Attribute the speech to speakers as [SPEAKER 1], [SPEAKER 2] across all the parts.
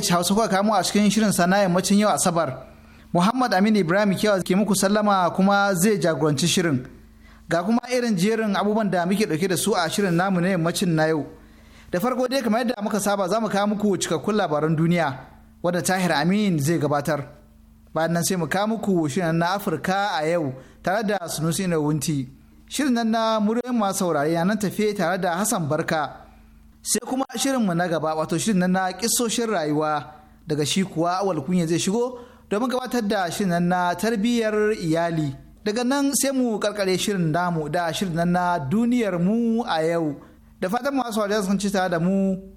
[SPEAKER 1] ci Hausa kuka kamu a cikin shirin sana yammacin yau Asabar. Muhammad Aminu Ibrahim Kiyawa ke muku sallama kuma zai jagoranci shirin. Ga kuma irin jerin abubuwan da muke dauke da su a shirin namu na yammacin na yau. Da farko dai kamar yadda muka saba za mu kawo muku cikakkun labaran duniya wanda Tahir Amin zai gabatar. Bayan nan sai mu kawo muku shirin na Afirka a yau tare da Sunusi na Wunti. Shirin nan na muryoyin masu saurari nan tafe tare da Hassan Barka. sai kuma shirin mu na gaba wato shirin nan na kisoshin rayuwa daga shi kuwa awal kunya zai shigo domin gabatar da shirin na tarbiyyar iyali daga nan sai mu karkare shirin damu da shirin nan na duniyar mu a yau da fatan masu wajen sun ci tare da mu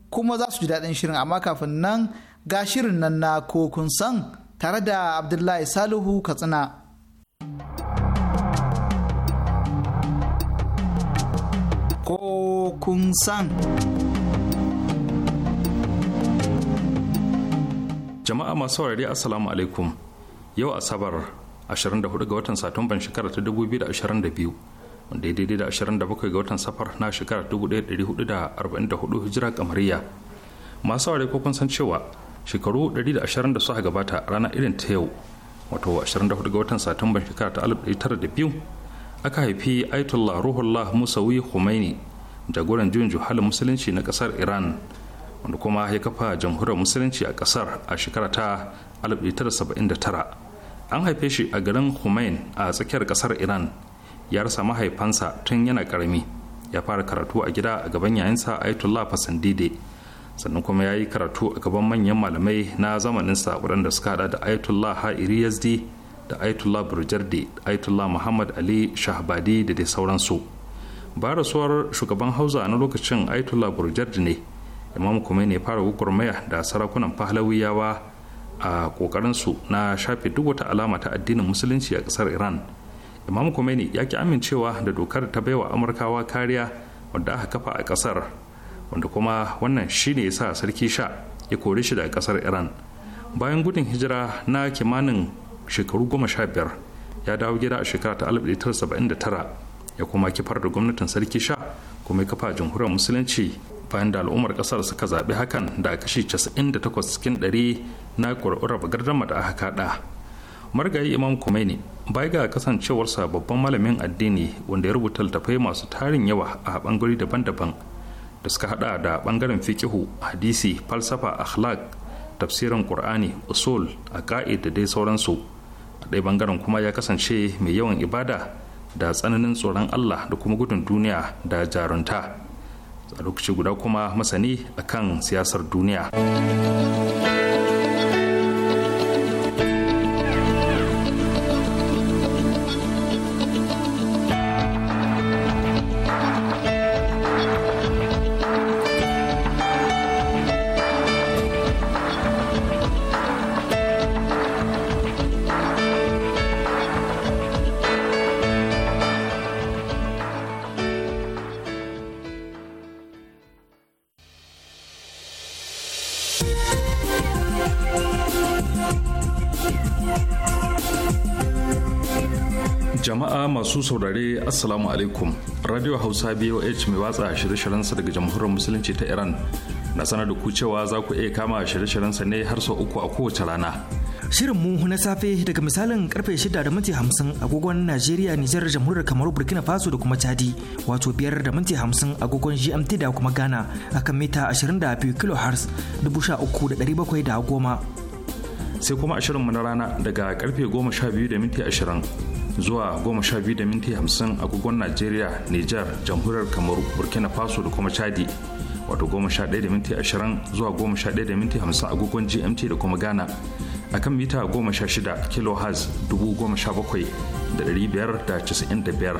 [SPEAKER 1] kuma za su ji daɗin shirin amma kafin nan ga shirin nan na ko kun san tare da abdullahi salihu katsina ko kun san
[SPEAKER 2] jama'a masu saurari assalamu alaikum yau asabar 24 ga watan satumban shekara ta 2022 wanda ya daidai da 27 ga watan safar na shekara 1444 hijira kamariya masu saurari ko kun san cewa shekaru 120 da suka gabata rana irin ta yau wato 24 ga watan satumban shekara ta 1902 aka haifi aitullah ruhullah musawi khomeini jagoran juyin juhalin musulunci na kasar iran wanda kuma ya kafa jamhuriyar musulunci a kasar a shekara ta 1979 an haife shi a garin humain a tsakiyar kasar iran ya rasa mahaifansa tun yana karami ya fara karatu a gida a gaban yayinsa ayatollah fasandide sannan kuma ya yi karatu a gaban manyan malamai na zamaninsa waɗanda suka hada da ayatollah ha'iri yazdi da ayatollah burjardi ayatollah muhammad ali shahbadi da dai sauransu ba rasuwar shugaban hausa na lokacin ayatollah burjardi ne imam kuma ne fara gugurmaya da sarakunan fahlawiyawa a kokarinsu na shafe duk wata alama ta addinin musulunci a kasar iran imam Khomeini ya ki amincewa da dokar ta baiwa amurkawa kariya wanda aka kafa a kasar wanda kuma wannan shine ya sa sarki sha ya kore shi daga kasar iran bayan gudun hijira na kimanin shekaru goma sha biyar ya dawo gida a shekara ta 1979 ya kuma kifar da gwamnatin sarki sha kuma ya kafa jamhuriyar musulunci bayan da al'ummar kasar suka zaɓi hakan da kashi 98 cikin 100 na ƙuri'urar gardama da aka kada margayi imam Khomeini bai ga kasancewarsa babban malamin addini wanda ya rubuta littattafai masu tarin yawa a bangare daban-daban da suka hada da bangaren fikihu hadisi falsafa akhlaq tafsirin qur'ani usul aqaid da dai sauransu a ɗaya bangaren kuma ya kasance mai yawan ibada da tsananin tsoron allah da kuma gudun duniya da jarunta a lokaci guda kuma masani a kan siyasar duniya jama'a masu saurare assalamu alaikum radio hausa boh mai watsa shirye-shiryensa daga jamhuriyar musulunci ta iran na sanar da ku cewa za ku iya kama shirye-shiryensa ne har sau uku a kowace rana
[SPEAKER 3] Shirin mu na safe daga misalin karfe 6 da minti 50 agogon Najeriya, Nijar, Jamhuriyar Kamaru, Burkina Faso da kuma Chadi, wato 5 da minti 50 agogon GMT da kuma Ghana akan mita 22 kHz 13,710.
[SPEAKER 2] sai kuma shirinmu na rana daga karfe 12.20 zuwa 12.50 a minti agogon Najeriya, Nijar, Jamhuriyar Kamaru, Burkina Faso da kuma Chadi. Wato 11.20 zuwa 11.50 a minti agogon GMT da kuma Ghana. A kan mita 16 kHz 17,595.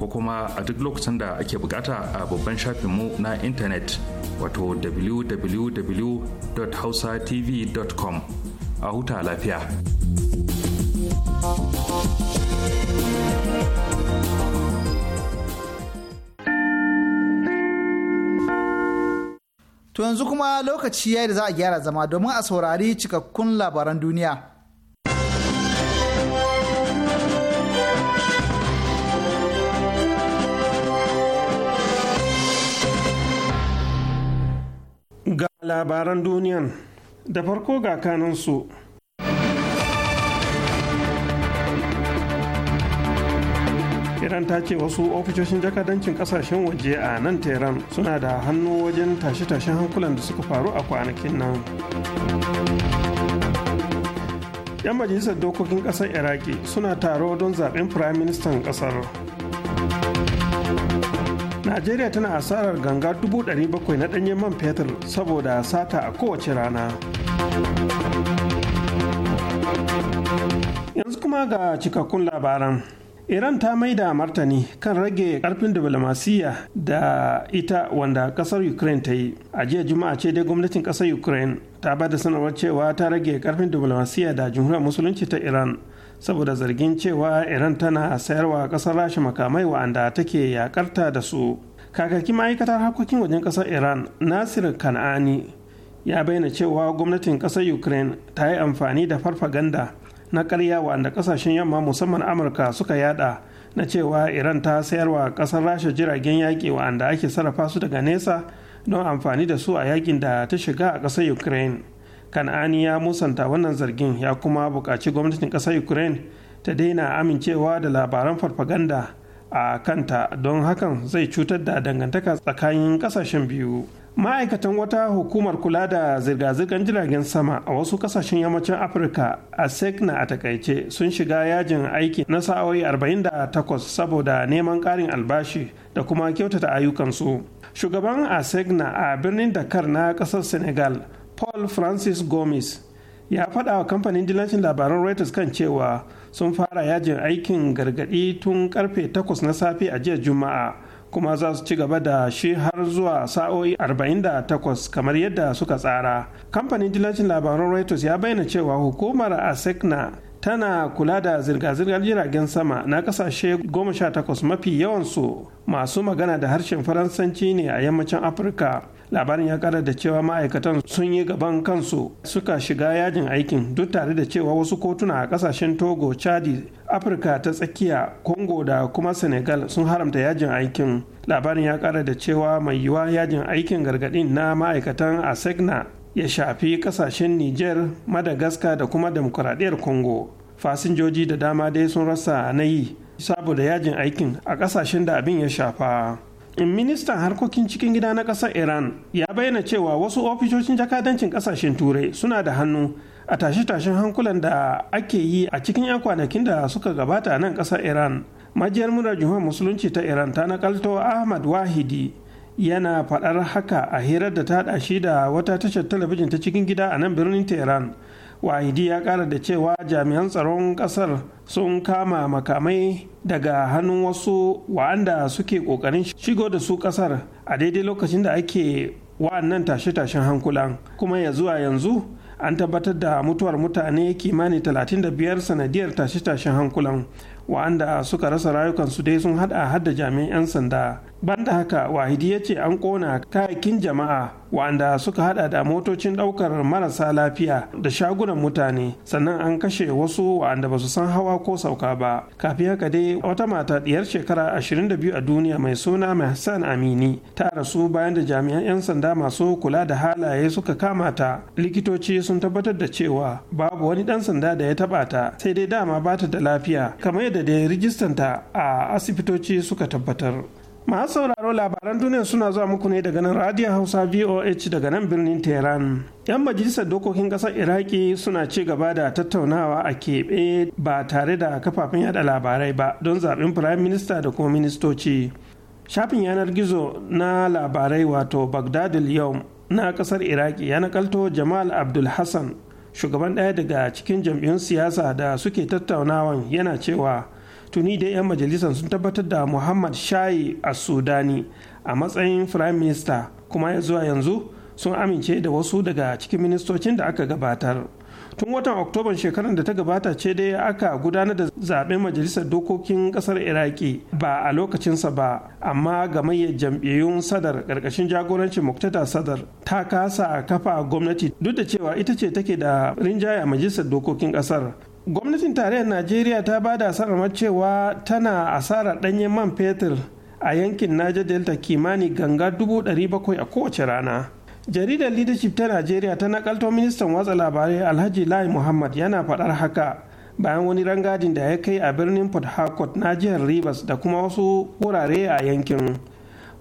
[SPEAKER 2] ko kuma a duk lokacin da ake bukata a babban shafinmu na intanet wato www.hausatv.com a huta lafiya.
[SPEAKER 1] To yanzu kuma lokaci ya da za a gyara zama domin a saurari cikakkun labaran duniya.
[SPEAKER 4] labaran duniyan da farko ga kanansu iran ta ce wasu ofisoshin jakadancin kasashen waje a nan tehran suna da hannu wajen tashe-tashen hankulan da suka faru a kwanakin nan yan majalisar dokokin kasar iraki suna taro don zaben firaministan kasar najeriya tana asarar ganga 700,000 na danyen man fetur saboda sata a kowace rana yanzu kuma ga cikakkun labaran iran ta maida martani kan rage karfin diplomasiyya da ita wanda kasar ukraine ta yi a jiya juma'a ce dai gwamnatin kasar ukraine ta bada sanarwar cewa ta rage karfin diplomasiyya da jumhuriyar musulunci ta iran saboda zargin cewa iran tana sayarwa kasar rasha makamai wa'anda take yakarta da su kakakin ma'aikatar harkokin wajen kasar iran nasir kan'ani ya bayyana cewa gwamnatin kasar ukraine ta yi amfani da farfaganda na karya wa'anda kasashen yamma musamman amurka suka yada na cewa iran ta sayarwa kasar rasha jiragen yaƙi wa'anda ake sarrafa su daga nesa don amfani da su a yakin da ta shiga a ƙasar ukraine kan'ani ya musanta wannan zargin ya kuma buƙaci gwamnatin ƙasar ukraine ta daina amincewa da labaran farfaganda a kanta don hakan zai cutar da dangantaka tsakanin ƙasashen biyu ma'aikatan wata hukumar kula da zirga-zirgar jiragen sama a wasu ƙasashen yammacin afirka a sekna a takaice sun shiga yajin aiki na sa'o'i 48 saboda neman ƙarin albashi da kuma kyautata ayyukansu shugaban a segna a birnin dakar na ƙasar senegal paul francis gomez ya faɗa wa kamfanin dilancin labaran reuters kan cewa sun fara yajin aikin gargaɗi tun karfe 8 na safe a jiya juma'a kuma za su ci gaba da shi har zuwa sa'o'i 48 kamar yadda suka tsara kamfanin dilancin labaran reuters ya bayyana cewa hukumar asekna tana kula da zirga-zirgar jiragen sama na kasashe 18 mafi yawansu masu magana da harshen faransanci ne a yammacin afirka labarin ya kara da cewa ma'aikatan sun yi gaban kansu suka shiga yajin aikin duk tare da cewa wasu kotuna a kasashen togo chadi afirka ta tsakiya congo da kuma senegal sun haramta yajin aikin labarin ya kara da cewa mai yiwuwa yajin aikin gargadin na ma'aikatan a asegna ya shafi kasashen niger madagascar da kuma demokuraɗiyar congo fasinjoji da dama dai sun rasa na yi saboda yajin aikin a kasashen da abin ya shafa ministan harkokin cikin gida na ƙasar iran ya bayyana cewa wasu ofishoshin jakadancin ƙasashen turai suna da hannu a tashe-tashen hankulan da ake yi a cikin 'yan kwanakin da suka gabata nan ƙasar iran majiyar murar jihar musulunci ta iran ta nakalto ahmad wahidi yana faɗar haka a hirar da ta ɗashi shi da wata tashar talabijin ta cikin gida a nan birnin tehran wahidi ya kara da cewa jami'an tsaron kasar sun kama makamai daga hannun wasu wa'anda suke kokarin shigo da su kasar a daidai lokacin da ake wa'annan tashe-tashen hankulan kuma ya zuwa yanzu an tabbatar da mutuwar mutane kimanin 35 sanadiyar tashe-tashen hankulan wa'anda suka rasa rayukansu dai sun hada da jami'an 'yan sanda banda haka wahidi ya ce an kona kayakin jama'a wa'anda suka hada da motocin ɗaukar marasa lafiya da shagunan mutane sannan an kashe wasu wa'anda ba su san hawa ko sauka ba kafin haka dai wata mata diyar shekara 22 a duniya mai suna mai hassan amini ta rasu bayan da jami'an 'yan sanda masu kula da halaye suka kama ta likitoci sun tabbatar da cewa babu wani dan sanda da ya taba ta sai dai dama ba ta da lafiya kamar yadda dai rijistanta a asibitoci suka tabbatar masu sauraro labaran duniya suna zuwa muku ne daga nan radio hausa voh daga nan birnin tehran yan majalisar dokokin kasar iraki suna ci gaba da tattaunawa a keɓe ba tare da kafafen yada labarai ba don zaɓen firayim minista da kuma ministoci shafin yanar gizo na labarai wato bagdadul yau na kasar iraki ya nakalto jamal abdul hassan shugaban ɗaya daga cikin jam'iyyun siyasa da suke tattaunawan yana cewa tuni da 'yan majalisar sun tabbatar da muhammad shayi a sudani a matsayin firayim minista kuma ya zuwa yanzu sun amince da wasu daga cikin ministocin da aka gabatar tun watan oktoban shekarar da ta gabata ce dai aka gudanar da zaben majalisar dokokin ƙasar iraki ba a lokacinsa ba amma ga gamayyar jam'iyyun sadar karkashin jagorancin muktata sadar ta kasa kafa gwamnati duk da cewa ita ce take da rinjaya a majalisar dokokin ƙasar. gwamnatin tarayyar najeriya ta ba da sanarwar cewa tana asarar ɗanyen man fetur a yankin niger delta kimani ganga 700 a kowace rana jaridar leadership ta najeriya ta nakalto ministan watsa labarai alhaji lai muhammad yana faɗar haka bayan wani rangadin da ya kai a birnin port harcourt na jihar rivers da kuma wasu wurare a yankin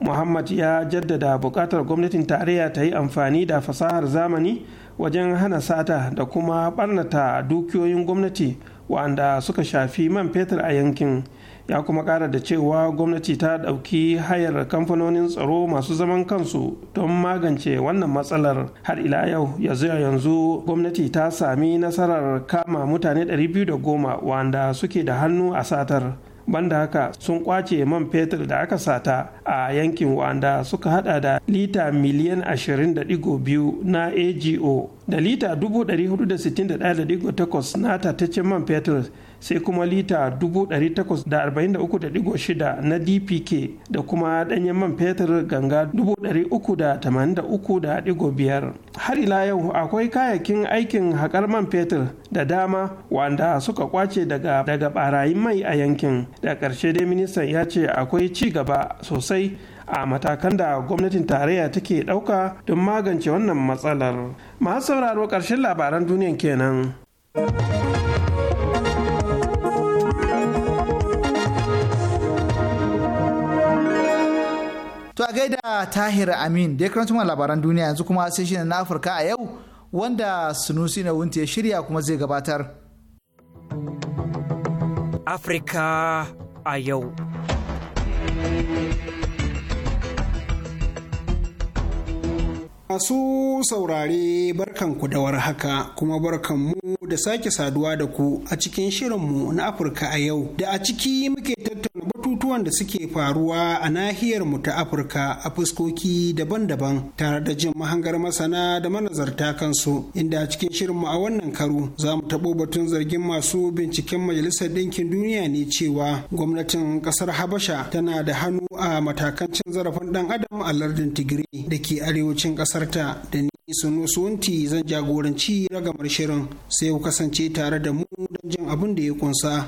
[SPEAKER 4] muhammad ya jaddada buƙatar gwamnatin tarayya ta yi amfani da fasahar zamani wajen hana sata da kuma barnata dukiyoyin gwamnati wa'anda suka shafi man fetur a yankin ya kuma ƙara da cewa gwamnati ta ɗauki hayar kamfanonin tsaro masu zaman kansu don magance wannan matsalar har ila yau ya zuwa yanzu gwamnati ta sami nasarar kama mutane 210 wanda suke da hannu a satar banda haka sun kwace man fetur da aka sata a yankin wanda suka hada da lita miliyan 20.2 na AGO da lita 461.8 na tataccen man fetur sai kuma lita 843.6 na dpk da kuma ɗanyen man fetur ganga 383.5 har ila yau akwai kayakin aikin haƙar man fetur da dama wanda suka kwace daga daga barayin mai a yankin da ƙarshe dai ministan ya ce akwai ci gaba sosai a matakan da gwamnatin tarayya take ɗauka don magance wannan matsalar masu sauraro ƙarshen labaran duniyan kenan.
[SPEAKER 1] To a gaida Tahir Amin da ya karanta mana labaran duniya yanzu kuma sai shi na Afirka a yau wanda Sunusi na wunti ya shirya kuma zai
[SPEAKER 3] gabatar. Afirka a yau.
[SPEAKER 5] Masu saurare barkanku da haka kuma barkanmu da sake saduwa da ku a cikin shirinmu na Afirka a yau da a ciki muke tattauna batutuwan da suke faruwa a nahiyar mu ta Afirka a fuskoki daban-daban tare da jin mahangar masana da manazarta kansu inda a cikin shirinmu a wannan karo za mu taɓo batun zargin masu binciken Majalisar Ɗinkin Duniya ne cewa gwamnatin ƙasar Habasha tana da hannu a matakan cin zarafin ɗan adam a lardin Tigiri da ke arewacin ƙasar ta da ni Sunu Suwanti zan jagoranci ragamar shirin sai ku kasance tare da mu don jin abin da ya kunsa.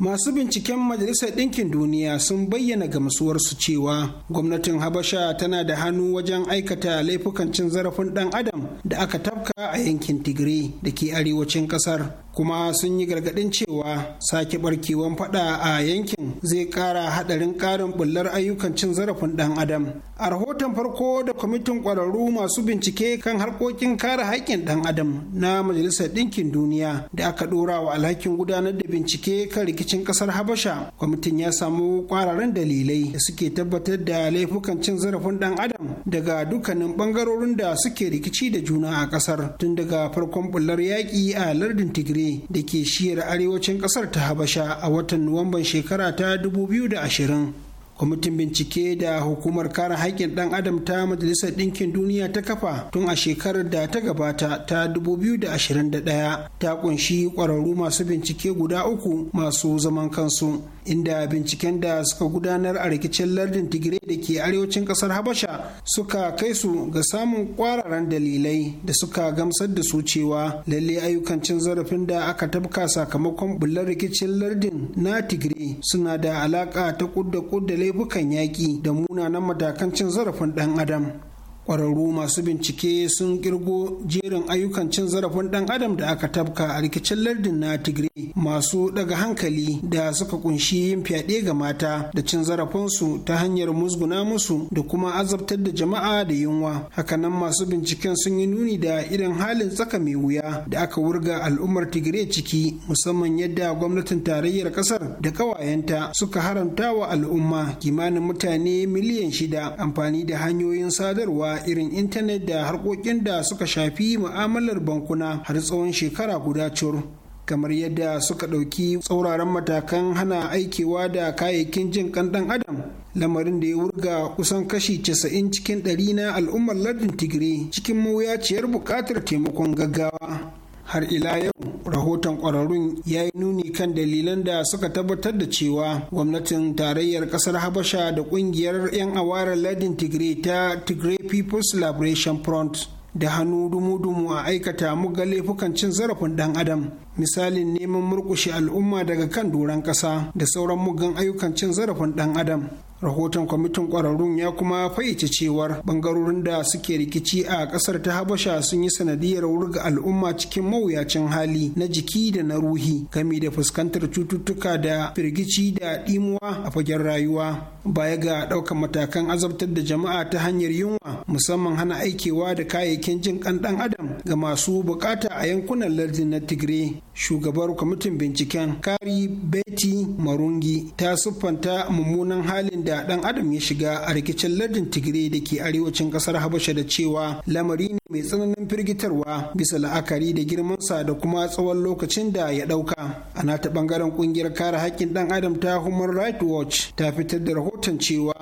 [SPEAKER 5] masu binciken majalisar ɗinkin duniya sun bayyana gamsuwarsu cewa gwamnatin habasha tana da hannu wajen aikata laifukan cin zarafin ɗan adam da aka tafka a yankin tigray da ke arewacin ƙasar kuma sun yi gargaɗin cewa sake barkewan fada a yankin zai kara hadarin karin bullar ayyukan cin zarafin ɗan adam a rahoton farko da kwamitin ƙwararru masu bincike kan harkokin kare haƙƙin ɗan adam na majalisar ɗinkin duniya da aka ɗora wa alhakin gudanar da bincike kan rikicin ƙasar habasha kwamitin ya samu ƙwararren dalilai da suke tabbatar da laifukan cin zarafin ɗan adam daga dukkanin ɓangarorin da suke rikici da juna a ƙasar tun daga farkon bullar yaƙi a lardin tigiri Gombe da ke shiyar arewacin kasar ta Habasha a watan Nuwamban shekara ta 2020. kwamitin bincike da hukumar kare haƙƙin ɗan adam ta majalisar ɗinkin duniya ta kafa tun a shekarar da ta gabata ta 2021 ta ƙunshi ƙwararru masu bincike guda uku masu zaman kansu inda binciken da suka gudanar a rikicin lardin tigray da ke arewacin kasar habasha suka kai su ga samun kwararan dalilai da suka gamsar da su cewa lalle ayyukan cin zarafin da aka tabka sakamakon bullar rikicin lardin na tigray suna da alaka ta kudda kudda laifukan yaƙi da munanan matakan cin zarafin ɗan adam kwararru masu bincike sun kirgo jerin ayyukan cin zarafin dan adam da aka tabka a rikicin lardin na tigray masu daga hankali da suka kunshi yin fyaɗe ga mata da cin zarafinsu ta hanyar musguna musu da kuma azabtar da jama'a da yunwa hakanan masu binciken sun yi nuni da irin halin tsaka mai wuya da aka wurga al'ummar tigray ciki musamman yadda gwamnatin tarayyar kasar da kawayenta suka haramta wa al'umma kimanin mutane miliyan shida amfani da hanyoyin sadarwa irin intanet da harkokin da suka shafi mu'amalar bankuna har tsawon shekara guda cur kamar yadda suka ɗauki tsauraran matakan hana aikewa da kayayyakin jin kan ɗan adam lamarin da ya wurga kusan kashi 90 cikin ɗari na al'ummar lardin tigray cikin mawuyaciyar buƙatar taimakon gaggawa har ila yau rahoton kwararrun ya yi nuni kan dalilan da suka tabbatar da cewa gwamnatin tarayyar kasar habasha da kungiyar 'yan awara ladin tigray ta tigray people's liberation front da hannu dumu-dumu a aikata muga laifukan cin zarafin dan adam misalin neman murkushe al'umma daga kan doron ƙasa da sauran mugan ayyukan cin zarafin dan adam rahoton kwamitin kwararrun ya kuma fayyace cewar bangarorin da suke rikici a kasar ta habasha sun yi sanadiyar wurga al'umma cikin mawuyacin hali na jiki da na ruhi game da fuskantar cututtuka da firgici da dimuwa a fagen rayuwa baya ga ɗaukar matakan azabtar da jama'a ta hanyar yunwa musamman hana aikewa da kayayyakin jin kan dan adam ga masu bukata a yankunan lardin na tigre shugabar kwamitin binciken kari betty marungi ta siffanta mummunan halin da da ɗan adam ya shiga a rikicin lardin tigray da ke arewacin ƙasar habasha da cewa lamari ne mai tsananin firgitarwa bisa la'akari da girmansa da kuma tsawon lokacin da ya ɗauka a nata ɓangaren ƙungiyar kare haƙƙin ɗan adam ta human rights watch ta fitar da rahoton cewa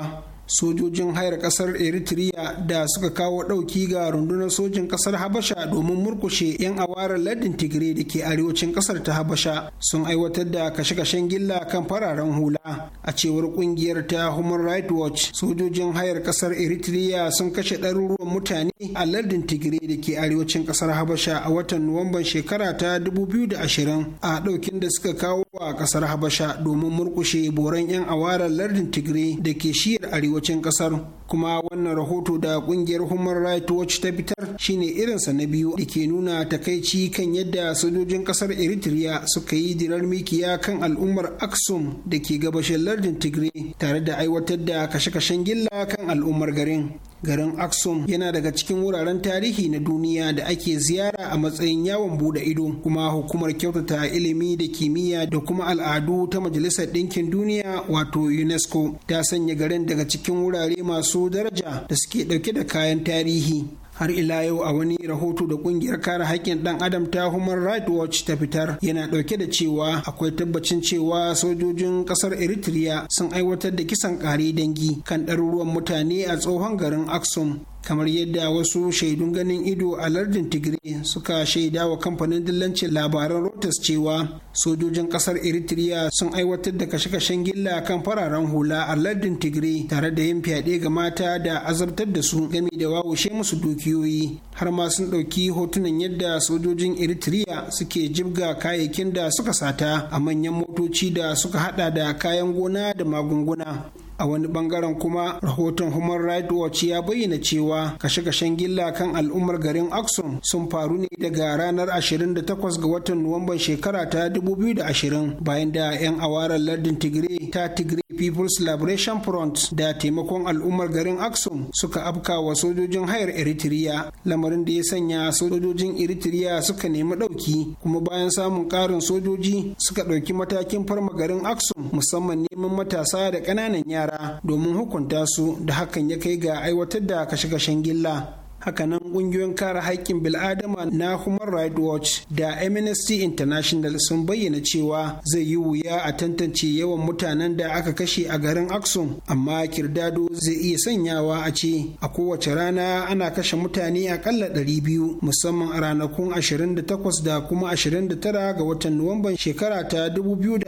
[SPEAKER 5] sojojin hayar kasar eritrea da suka kawo ɗauki ga rundunar sojin kasar habasha domin murkushe 'yan awarar lardin tigray da ke arewacin kasar ta habasha sun aiwatar da kashe-kashen gilla kan fararen hula a cewar kungiyar ta human rights watch sojojin hayar kasar eritrea sun kashe ɗaruruwan mutane a lardin tigray da ke arewacin kasar habasha a watan nuwamban shekara ta 2020 a ɗaukin da suka kawo a kasar habasha domin murkushe boran 'yan awarar lardin tigray da ke shiyar arewacin kasar kuma wannan rahoto da kungiyar human rights watch ta fitar shine irinsa na biyu da ke nuna takaici kan yadda sojojin kasar eritrea suka yi dirar mikiya kan al'ummar aksum da ke gabashin lardin tigray tare da aiwatar da kashe-kashen gilla kan al'ummar garin garin Aksum yana daga cikin wuraren tarihi na duniya da ake ziyara a matsayin yawon bude ido kuma hukumar kyautata ilimi da kimiyya da kuma al'adu ta majalisar ɗinkin duniya wato UNESCO ta sanya garin daga cikin wurare masu daraja da suke ɗauke da kayan tarihi har ila yau a wani rahoto da kungiyar kare haƙƙin ɗan adam ta human rights watch ta fitar yana ɗauke da cewa akwai tabbacin cewa sojojin ƙasar eritrea sun aiwatar da kisan ƙare dangi kan ɗaruruwan mutane a tsohon garin aksum kamar yadda wasu shaidun ganin ido a lardin tigray suka shaida wa kamfanin dillancin labaran rotas cewa sojojin kasar eritrea sun aiwatar da kashe-kashen gilla kan fararen hula a lardin tigray tare da yin fyaɗe ga mata da azabtar da su game da wawushe musu dukiyoyi har ma sun ɗauki hotunan yadda sojojin eritrea suke jibga kayayyakin da suka sata a manyan motoci da suka hada da kayan gona da magunguna a wani bangaren kuma rahoton human rights watch ya bayyana cewa kashe-kashen gilla kan al'ummar garin axum sun faru ne daga ranar 28 ga watan nuwamban shekara ta 2020 bayan da 'yan awarar lardin tigray ta tigray people's liberation front da taimakon al'ummar garin axum suka afka wa sojojin hayar eritrea lamarin da ya sanya sojojin eritrea suka nemi ɗauki kuma bayan samun ƙarin sojoji suka ɗauki matakin farma garin axum musamman neman matasa da ƙananan yara yara domin hukunta su da hakan ya kai ga aiwatar da kashe-kashen gilla hakanan ƙungiyoyin kare haƙƙin bil'adama na human rights watch da amnesty international sun bayyana cewa zai yi wuya a tantance yawan mutanen da aka kashe a garin aksum amma kirdado zai iya sanyawa a ce a kowace rana ana kashe mutane akalla 200 musamman a ranakun 28 da kuma 29 ga watan nuwamban shekara ta 2020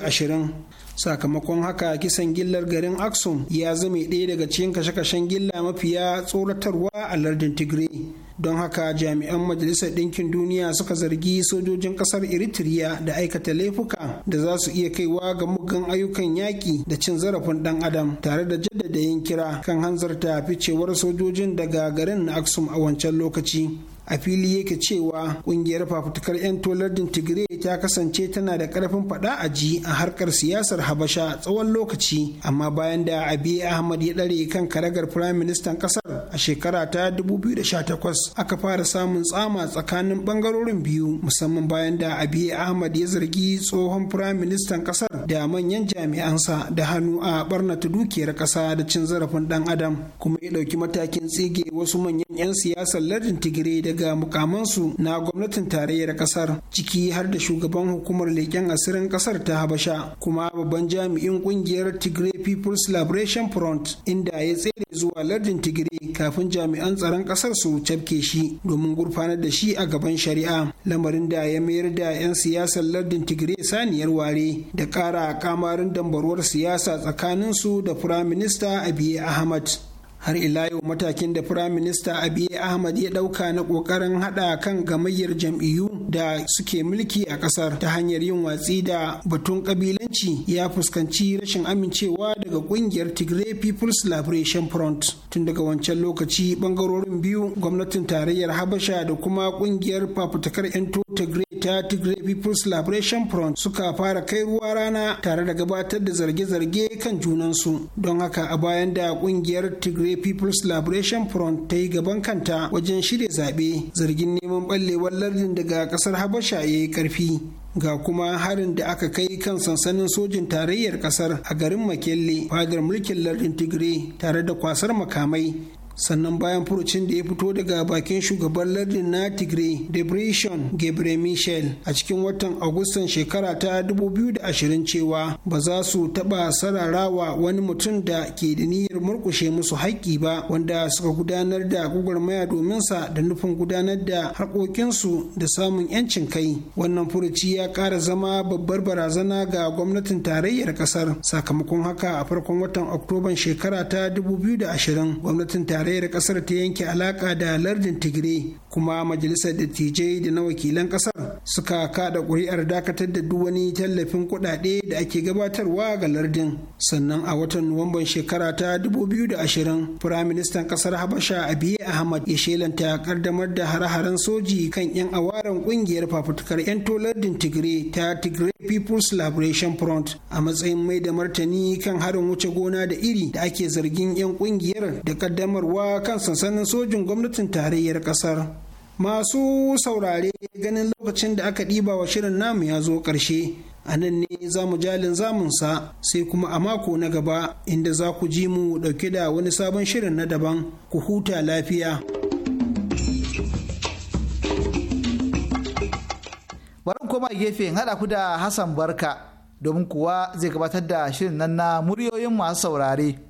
[SPEAKER 5] sakamakon haka kisan gillar garin aksum ya zame ɗaya daga cikin kashe-kashen gilla mafiya tsoratarwa a lardin tigray don haka jami'an majalisar ɗinkin duniya suka zargi sojojin ƙasar eritrea da aikata laifuka da za su iya kaiwa ga muggan ayyukan yaƙi da cin zarafin ɗan adam tare da jaddada yin kira kan hanzarta ficewar sojojin daga garin na aksum a wancan lokaci a fili yake cewa kungiyar fafutukar 'yan tolardin tigray ta kasance tana da karfin fada a ji a harkar siyasar habasha tsawon lokaci amma bayan da abiy ahmad ya dare kan karagar prime minister kasar a shekara ta 2018 aka fara samun tsama tsakanin bangarorin biyu musamman bayan da abiy ahmad ya zargi tsohon prime minister kasar da manyan jami'ansa da hannu a barnata dukiyar kasa da cin zarafin dan adam kuma ya dauki matakin tsige wasu manyan 'yan siyasar lardin tigray daga daga mukamansu na gwamnatin tarayyar kasar ciki har da shugaban hukumar leƙen asirin kasar ta habasha kuma babban jami'in kungiyar tigray people's liberation front inda ya tsere zuwa lardin tigray kafin jami'an tsaron kasar su cafke shi domin gurfanar da shi a gaban shari'a lamarin da ya mayar da 'yan siyasar lardin tigray saniyar ware da ƙara kamarin dambarwar siyasa tsakanin su da firaminista abiy ahmad har ila yau matakin da firayim minista abiy ahmad ya dauka na kokarin hada kan gamayyar jam'iyyu da suke mulki a kasar ta hanyar yin watsi da batun kabilanci ya fuskanci rashin amincewa daga kungiyar tigray people's liberation front tun daga wancan lokaci bangarorin biyu gwamnatin tarayyar habasha da kuma kungiyar fafutukar 'yan tigray ta tigray people's liberation front suka fara kai ruwa rana tare da gabatar da zarge-zarge kan junansu don haka a bayan da kungiyar tigray aure people's liberation front ta yi gaban kanta wajen shirya zaɓe zargin neman ɓallewar lardin daga ƙasar habasha ya yi ƙarfi ga kuma harin da aka kai kan sansanin sojin tarayyar ƙasar a garin makelle fadar mulkin lardin tigray tare da kwasar makamai sannan bayan furucin da ya fito daga bakin shugaban lardin na tigray debreshon gebre michel a cikin watan agustan shekara ta 2020 cewa ba za su taɓa sararawa wani mutum da ke da niyyar murkushe musu haƙƙi ba wanda suka gudanar da gugurmaya domin sa da nufin gudanar da harkokinsu da samun 'yancin kai wannan furuci ya ƙara zama babbar barazana ga gwamnatin tarayyar ƙasar sakamakon haka a farkon watan oktoban shekara ta 2020 gwamnatin tarayyar kasar ta yanke alaka da lardin tigire kuma majalisar dattijai da na wakilan kasar suka kada kuri'ar dakatar da duk wani tallafin kuɗaɗe da ake gabatarwa ga lardin sannan a watan nuwamban shekara ta 2020 firaministan kasar habasha abiy ahmad ya shelanta kaddamar da hare-haren soji kan 'yan awaren kungiyar fafutukar 'yan lardin tigire ta tigray people's liberation front a matsayin mai da martani kan harin wuce gona da iri da ake zargin 'yan kungiyar da kaddamar samarwa kan sansanin sojin gwamnatin tarayyar kasar masu saurare ganin lokacin da aka ɗiba wa shirin namu ya zo ƙarshe a nan ne za mu jalin zamunsa sai kuma a mako na gaba inda za ku ji mu ɗauke da wani sabon shirin na daban ku huta lafiya
[SPEAKER 1] bari gefen gefe haɗa ku da hassan barka domin kuwa zai gabatar da shirin nan na muryoyin masu saurare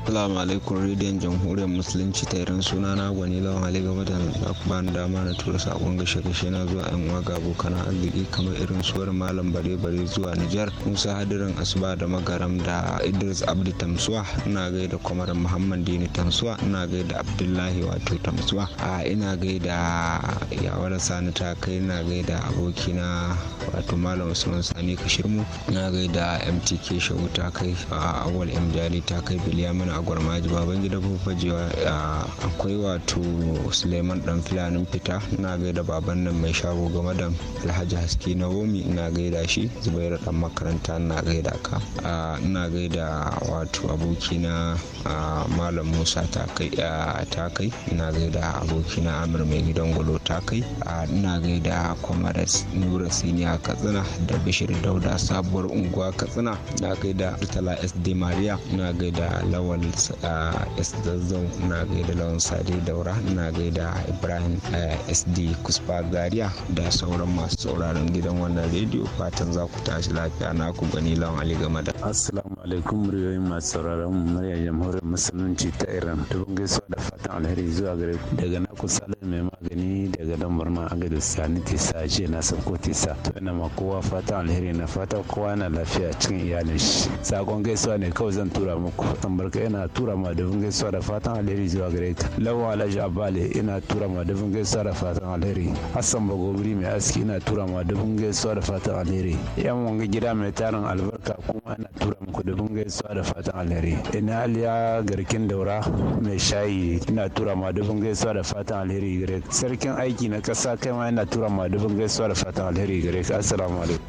[SPEAKER 6] Assalamu alaikum rediyon jamhuriyar musulunci ta irin suna na gwani lawan hali game da ba dama na tura sakon gashe gashe na zuwa yan uwa ga abokan arziki kamar irin suwar malam bare bare zuwa Nijar Musa Hadirin Asuba da Magaram da Idris Abdi Tamsuwa ina da kwamarin Muhammad Dini Tamsuwa ina da Abdullahi wato Tamsuwa a ina da yawar Sani ta kai ina da abokina wato malam Usman Sani Kashirmu ina da MTK Shehu ta kai a awal M jari ta kai Bilyamin magana a gwarmaji baban gida fajewa akwai wato suleiman dan filanin fita na gaida baban nan mai shago game da alhaji haske na womi, na gaida shi zubairu dan makaranta na gaida ka ina gaida wato abokina malam musa ta kai ina gaida abokina amir mai gidan gwalo ta kai ina gaida kwamaras nura siniya katsina da bishir dauda sabuwar unguwa katsina na gaida tala sd maria na gaida lawal Lawal uh, S. Zazzau na gaida Lawan Sade Daura na gaida Ibrahim uh, SD Kuspa gariya da sauran masu sauraron gidan wannan rediyo fatan za ku tashi lafiya na ku gani Lawan Ali game da. Assalamu alaikum muryoyin masu sauraron murya jamhuriyar musulunci ta Iran. Dubin gaisuwa da fatan alheri zuwa gare daga ku salar mai magani daga nan birnin agadis sani tisa jiya na Sako tisa to ina ma kowa fatan alheri na fata kowa na lafiya cikin iyalin shi sakon gaisuwa ne kawai zan tura muku fatan barka ina tura ma dafin gaisuwa da fatan alheri zuwa gare ka lawan alhaji abale ina tura ma dafin gaisuwa da fatan alheri hassan bagobiri mai aski ina tura ma dafin gaisuwa da fatan alheri yan wanga gida mai tarin albarka kuma ina tura muku dafin gaisuwa da fatan alheri ina aliya garkin daura mai shayi ina tura ma dafin gaisuwa da fatan fatan alheri gare sarkin aiki na ƙasa kai ma yana tura ma gaisuwa da fatan alheri gare ka assalamu alaikum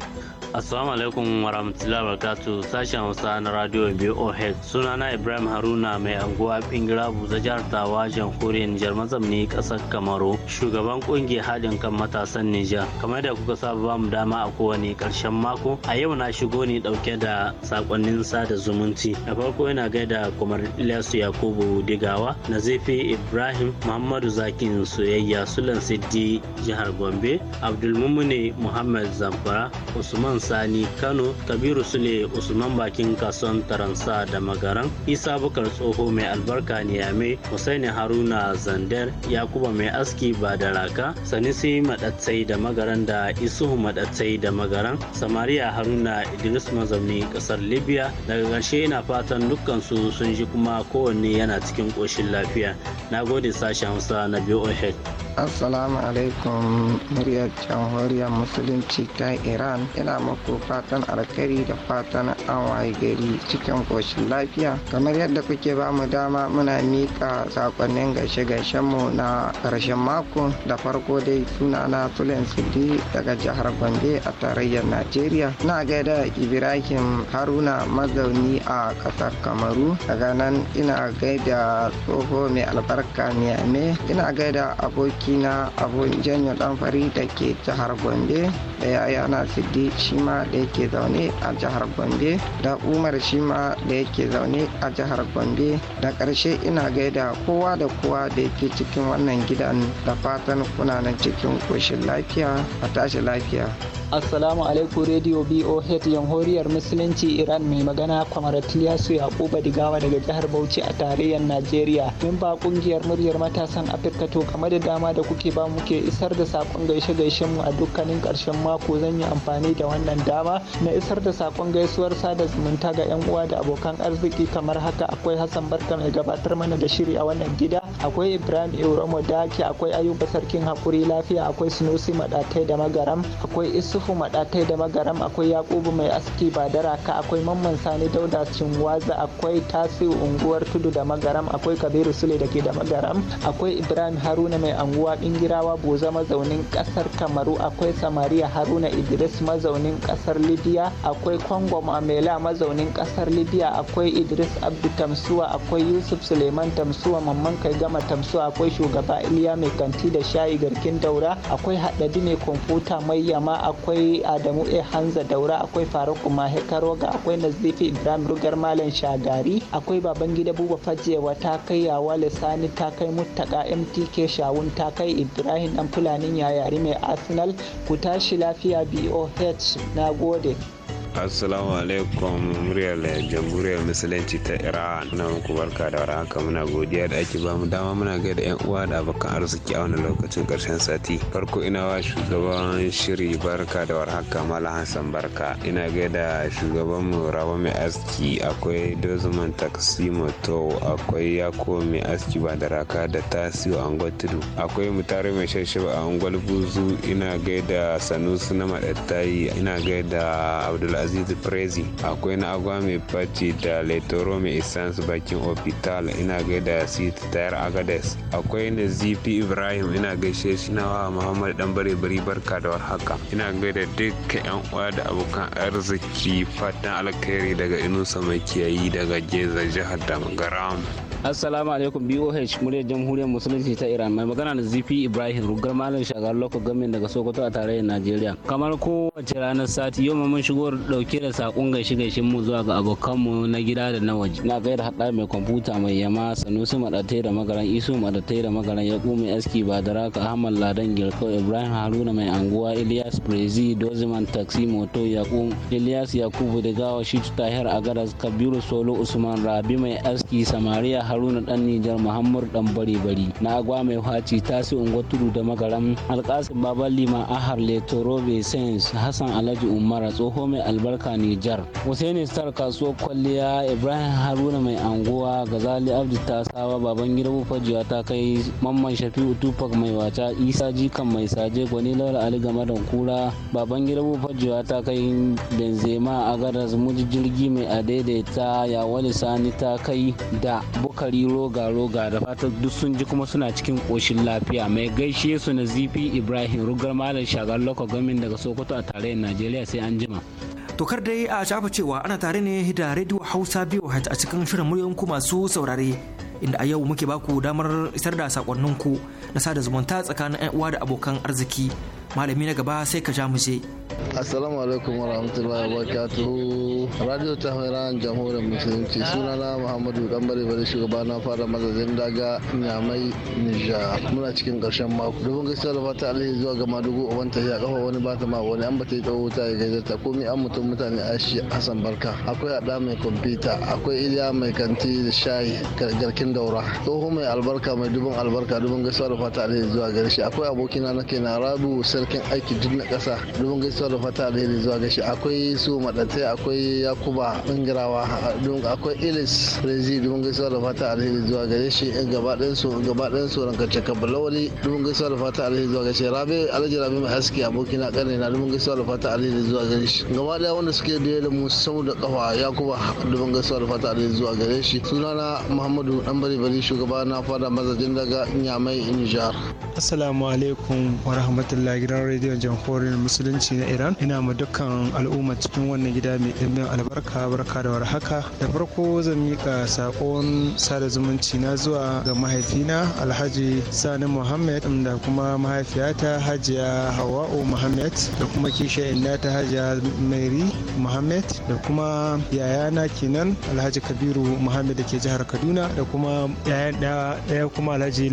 [SPEAKER 7] Assalamu alaikum wa sashen Hausa na Radio BOH sunana Ibrahim Haruna mai anguwa Bingira Buza jihar Tawa jamhuriyar Nijar mazamni kasar Kamaru shugaban ƙungiyar haɗin kan matasan Nijar kamar da kuka saba bamu dama a kowane ƙarshen mako a yau na shigo ne ɗauke da sakonnin sada zumunci na farko yana gaida Kumar Ilyasu Yakubu Digawa Nazifi Ibrahim Muhammadu Zaki ɗakin soyayya Sulan Siddi jihar Gombe, Abdulmumune Muhammad Zamfara, Usman Sani Kano, Kabiru Sule Usman Bakin Kason Taransa da Magaran, Isa Bukar Tsoho mai albarka Niyame, Hussaini Haruna Zander, Yakuba mai aski ba da raka, Sanisi Madatsai da Magaran da Isuhu Madatsai da Magaran, Samariya Haruna Idris mazauni ƙasar Libya, daga ƙarshe ina fatan dukkan sun ji kuma kowanne yana cikin ƙoshin lafiya. Na gode sashen Hausa na
[SPEAKER 6] Assalamu alaikum muryar jamhuriyar musulunci ta Iran ina muku fatan alkari da fatan an waye gari cikin koshin lafiya kamar yadda kuke ba mu dama muna mika sakonnin gashe mu na karshen mako da farko dai suna na Tulen Sidi daga jihar Gombe a tarayyar Najeriya na gaida Ibrahim Haruna mazauni a ƙasar Kamaru daga nan ina gaida tsoho mai albarka Niame ina ina gaida abokina abun janyo dan fari da ke jihar gombe da yaya na siddi shi ma da yake zaune a jihar gombe da umar shi ma da yake zaune a jihar gombe da karshe ina gaida kowa da kowa da yake cikin wannan gidan da fatan kuna nan cikin koshin lafiya a tashi lafiya
[SPEAKER 8] Assalamu alaikum Radio BOH Jamhuriyar Musulunci Iran mai magana Kwamarat Liyasu Yakuba Digawa daga jihar Bauchi a tarayyar Najeriya. ba kungiyar muryar matasan Afirka albarkatu kamar da dama da kuke ba muke isar da sakon gaishe gaishe mu a dukkanin karshen mako zan yi amfani da wannan dama na isar da sakon gaisuwar sada zumunta ga yan uwa da abokan arziki kamar haka akwai Hassan Barka mai gabatar mana da shiri a wannan gida akwai Ibrahim Euromo Daki akwai Ayuba Sarkin Hakuri Lafiya akwai Sunusi Madatai da Magaram akwai Isufu Madatai da Magaram akwai Yakubu mai aski Badaraka akwai Mamman Sani Dauda Cinwaza akwai Tasiu unguwar Tudu da Magaram akwai Kabiru Sule da ke da Magaram akwai Ibrahim ibrahim haruna mai anguwa bingirawa boza mazaunin kasar kamaru akwai Samaria haruna idris mazaunin kasar libya akwai kwango Amela mazaunin kasar libya akwai idris abdu tamsuwa akwai yusuf suleiman tamsuwa mamman kai gama tamsuwa akwai shugaba iliya mai kanti da shayi garkin daura akwai haɗari mai kwamfuta mai yama akwai adamu e hanza daura akwai Faruku mahe karoga akwai nazifi ibrahim rugar malam shagari akwai babangida buba fajewa ta kai yawa lisani ta kai muttaka mt tk shawun ta kai ibrahim dan fulanin yayari mai arsenal ku tashi lafiya boh na gode
[SPEAKER 6] assalamu alaikum muryar jamhuriyar musulunci ta iran Na muku barka da warhaka muna godiya da ake bamu dama muna gaida yan uwa da abokan arziki a wani lokacin karshen sati farko ina wa shugaban shiri barka da warhaka mala hassan barka ina gaida shugaban mu mai aski akwai dozuman taksi moto akwai yako mai aski ba da raka da tudu akwai mutare mai shashaba a unguwar buzu ina gaida sanusi na maɗattayi ina gaida abdullahi Aziz prezi akwai na agwa mai faci da laitoro mai isans bakin opital ina gaida sit tayar agades akwai na zifi ibrahim ina gaishe shi nawa muhammad dan bare bari barka da warhaka ina gaida duka yan uwa da abokan arziki fatan alkhairi daga inusa makiyayi daga geza jihar damgaram
[SPEAKER 9] assalamu alaikum boh muryar jamhuriyar musulunci ta iran mai magana da zifi ibrahim rugar malam shagar loko gamin daga sokoto a tarayyar najeriya kamar kowace ranar sati yau mun shigo ɗauke da saƙon gaishe gaishe mu zuwa ga abokanmu na gida da na waje na gaida haɗa mai kwamfuta mai yama sanusi madatai da magaran isu madatai da magaran ya mai aski ba da raka ahmad ladan girkau ibrahim haruna mai anguwa ilyas prezi doziman taxi moto yakum yakubu da gawa shi tahir Agadas kabiru solo usman rabi mai aski samariya haruna dan nijar muhammadu dan bari bari na agwa mai faci tasi unguwa tudu da magaran alƙasin baban lima ahar robe sains hassan alhaji umara tsoho mai albarka nijar Hussaini star kasuwar kwalliya ibrahim haruna mai anguwa gazali abdu ta saba baban gida fajiya ta kai mamman shafi'u tupac mai wata isa jikan mai saje gwani laura ali game da kura baban gida fajiya ta kai benzema a garas muji jirgi mai adaidaita yawali sani ta kai da bukari roga roga da fata duk sun ji kuma suna cikin koshin lafiya mai gaishe su na zifi ibrahim rugar malam
[SPEAKER 3] shagar lokacin daga sokoto a tarayyar najeriya sai an jima. To kar dai a shafa cewa ana tare ne da Radio Hausa biyu a cikin shirin muryoyin ku masu saurare inda a yau muke baku damar isar da sakonninku na sada zumunta tsakanin 'yan uwa da abokan arziki. Malami na gaba sai ka ja mu je.
[SPEAKER 10] Assalamu alaikum wa rahmatullahi wa barakatuhu. Radio ta Iran Jamhuriyar Musulunci na Muhammadu Dambare Bari shugaba na fara mazazin daga Nyamai Nija. Muna cikin karshen mako. Dubin gaskiya da fata alheri zuwa ga madugo uban ta ya kafa wani bata ma wani an bata yi tsawo ta ga gaida ta komai an mutum mutane ashi Hassan Barka. Akwai ada mai kwamfuta, akwai Iliya mai kanti da shayi garkin daura. Tsoho mai albarka mai dubin albarka dubin gaskiya da fata alheri zuwa gare shi. Akwai abokina na kai na Rabu sarkin aiki duk na ƙasa. Dubin da fata alheri zuwa gashi akwai su madatai akwai yakuba bingirawa akwai ilis rezi dubin gaisuwa da fata alheri zuwa gare shi in gaba su gaba ɗayan su ranka cika balawali dubin gaisuwa da fata alheri zuwa gare shi rabe alhaji rabe mai haske aboki na ƙarni na dubin gaisuwa da fata alheri zuwa gare shi gaba ɗaya wanda suke da da mu samu da kafa yakuba dubin gaisuwa da fata alheri zuwa gare shi sunana muhammadu dan bari bari shugaba na fada mazajin daga nyamai nijar
[SPEAKER 11] assalamu alaikum wa rahmatullahi gidan rediyon jamhuriyar musulunci na iran ina ma dukkan al'umma cikin wannan gida mai ɗimbin albarka barka da warhaka da farko zan miƙa saƙon sada zumunci na zuwa ga mahaifina alhaji sani muhammad da kuma mahaifiyata hajiya hawa'u muhammad da kuma kishiya ta hajiya mairi muhammad da kuma yayana kenan alhaji kabiru muhammad da ke jihar kaduna da kuma yayan ɗaya kuma alhaji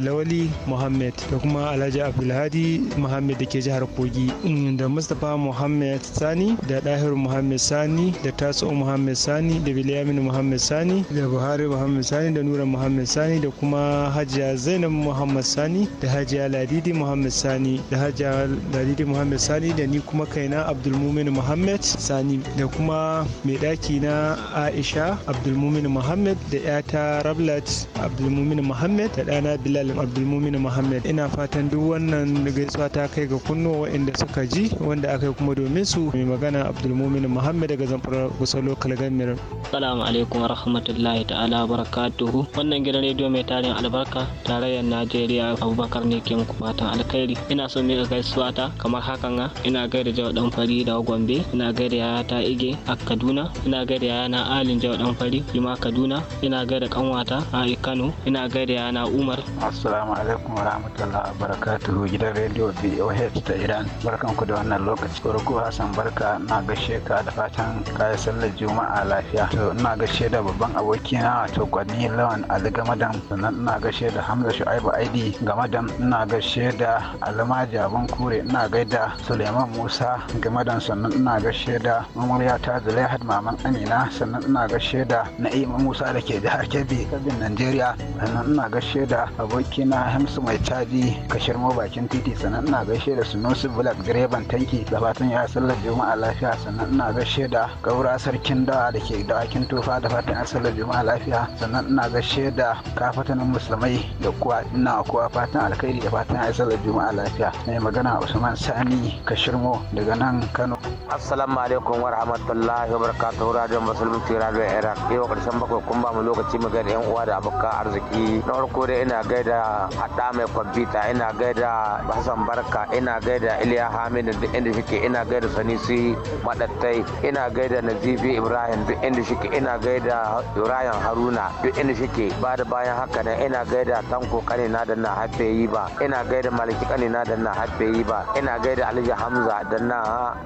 [SPEAKER 11] lawali muhammad da kuma alhaji abdulhadi muhammad da ke jihar kogi da mustapha muhammad sani da dahir muhammad sani da taso muhammad sani da bilyamin muhammad sani da buhari muhammad sani da nura muhammad sani da kuma hajiya zainab muhammad sani da hajiya ladidi muhammad sani da hajiya ladidi muhammad sani da ni kuma kaina abdulmumin muhammad sani da kuma mai daki na aisha abdulmumin muhammad da yata rablat abdulmumin muhammad da ɗana bilal abdulmumin muhammad ina fatan duk wannan gaisuwa ta kai ga kunnuwa waɗanda suka ji wanda aka yi kuma domin su mai magana abdulmumin muhammad daga zamfara kusa lokal gamir
[SPEAKER 9] salamu alaikum rahmatullahi ta'ala barakatuhu wannan gidan rediyo mai tarin albarka tarayyar najeriya abubakar ne ke muku fatan alkhairi ina so mika gaisuwa ta kamar hakan ha ina gaida jawa dan fari da gombe ina gaida yaya ta ige a kaduna ina gaida yaya na alin jawa dan fari lima kaduna ina gaida kanwata a kano ina gaida yaya na umar
[SPEAKER 6] assalamu alaikum wa rahmatullahi barakatuhu gidan rediyo boh ta ira barkan barkanku da wannan lokaci farko hassan barka na gaishe ka da fatan kayi sallar juma'a lafiya to ina gaishe da babban abokina wato kwani lawan ali gamadan sannan ina gaishe da hamza shu'aibu id gamadan ina gaishe da almaji abun kure ina gaida suleiman musa gamadan sannan ina gaishe da mamuriya ta zulaihat maman amina sannan ina gaishe da na'ima musa da ke jihar kebbi kabin najeriya sannan ina gaishe da abokina hamsu mai caji kashirmo bakin titi sannan ina gaishe da sunusu yusuf Bulak direban tanki da fatan ya sallar juma'a lafiya sannan ina gaishe da gaura sarkin dawa da ke dawakin tufa da fatan ya sallar juma'a lafiya sannan ina gaishe da kafatanin musulmai da kuwa ina kuwa fatan alkhairi da fatan ya sallar juma'a lafiya mai magana Usman Sani shirmo daga nan Kano. Assalamu alaikum wa rahmatullahi wa barakatuhu radio musulunci radio Iraq yau karshen bakwai kun ba mu lokaci mu gaida yan uwa da abokan arziki na farko dai ina gaida hada mai kwamfuta ina gaida Hassan Barka ina gaida iliya hamidu duk inda shike ina gaida sanisi madattai ina gaida nazifi ibrahim duk inda shike ina gaida ibrahim haruna duk inda shike ba da bayan haka ne ina gaida tanko kanina da na haife yi ba ina gaida maliki kanina da na haife yi ba ina gaida alhaji hamza da na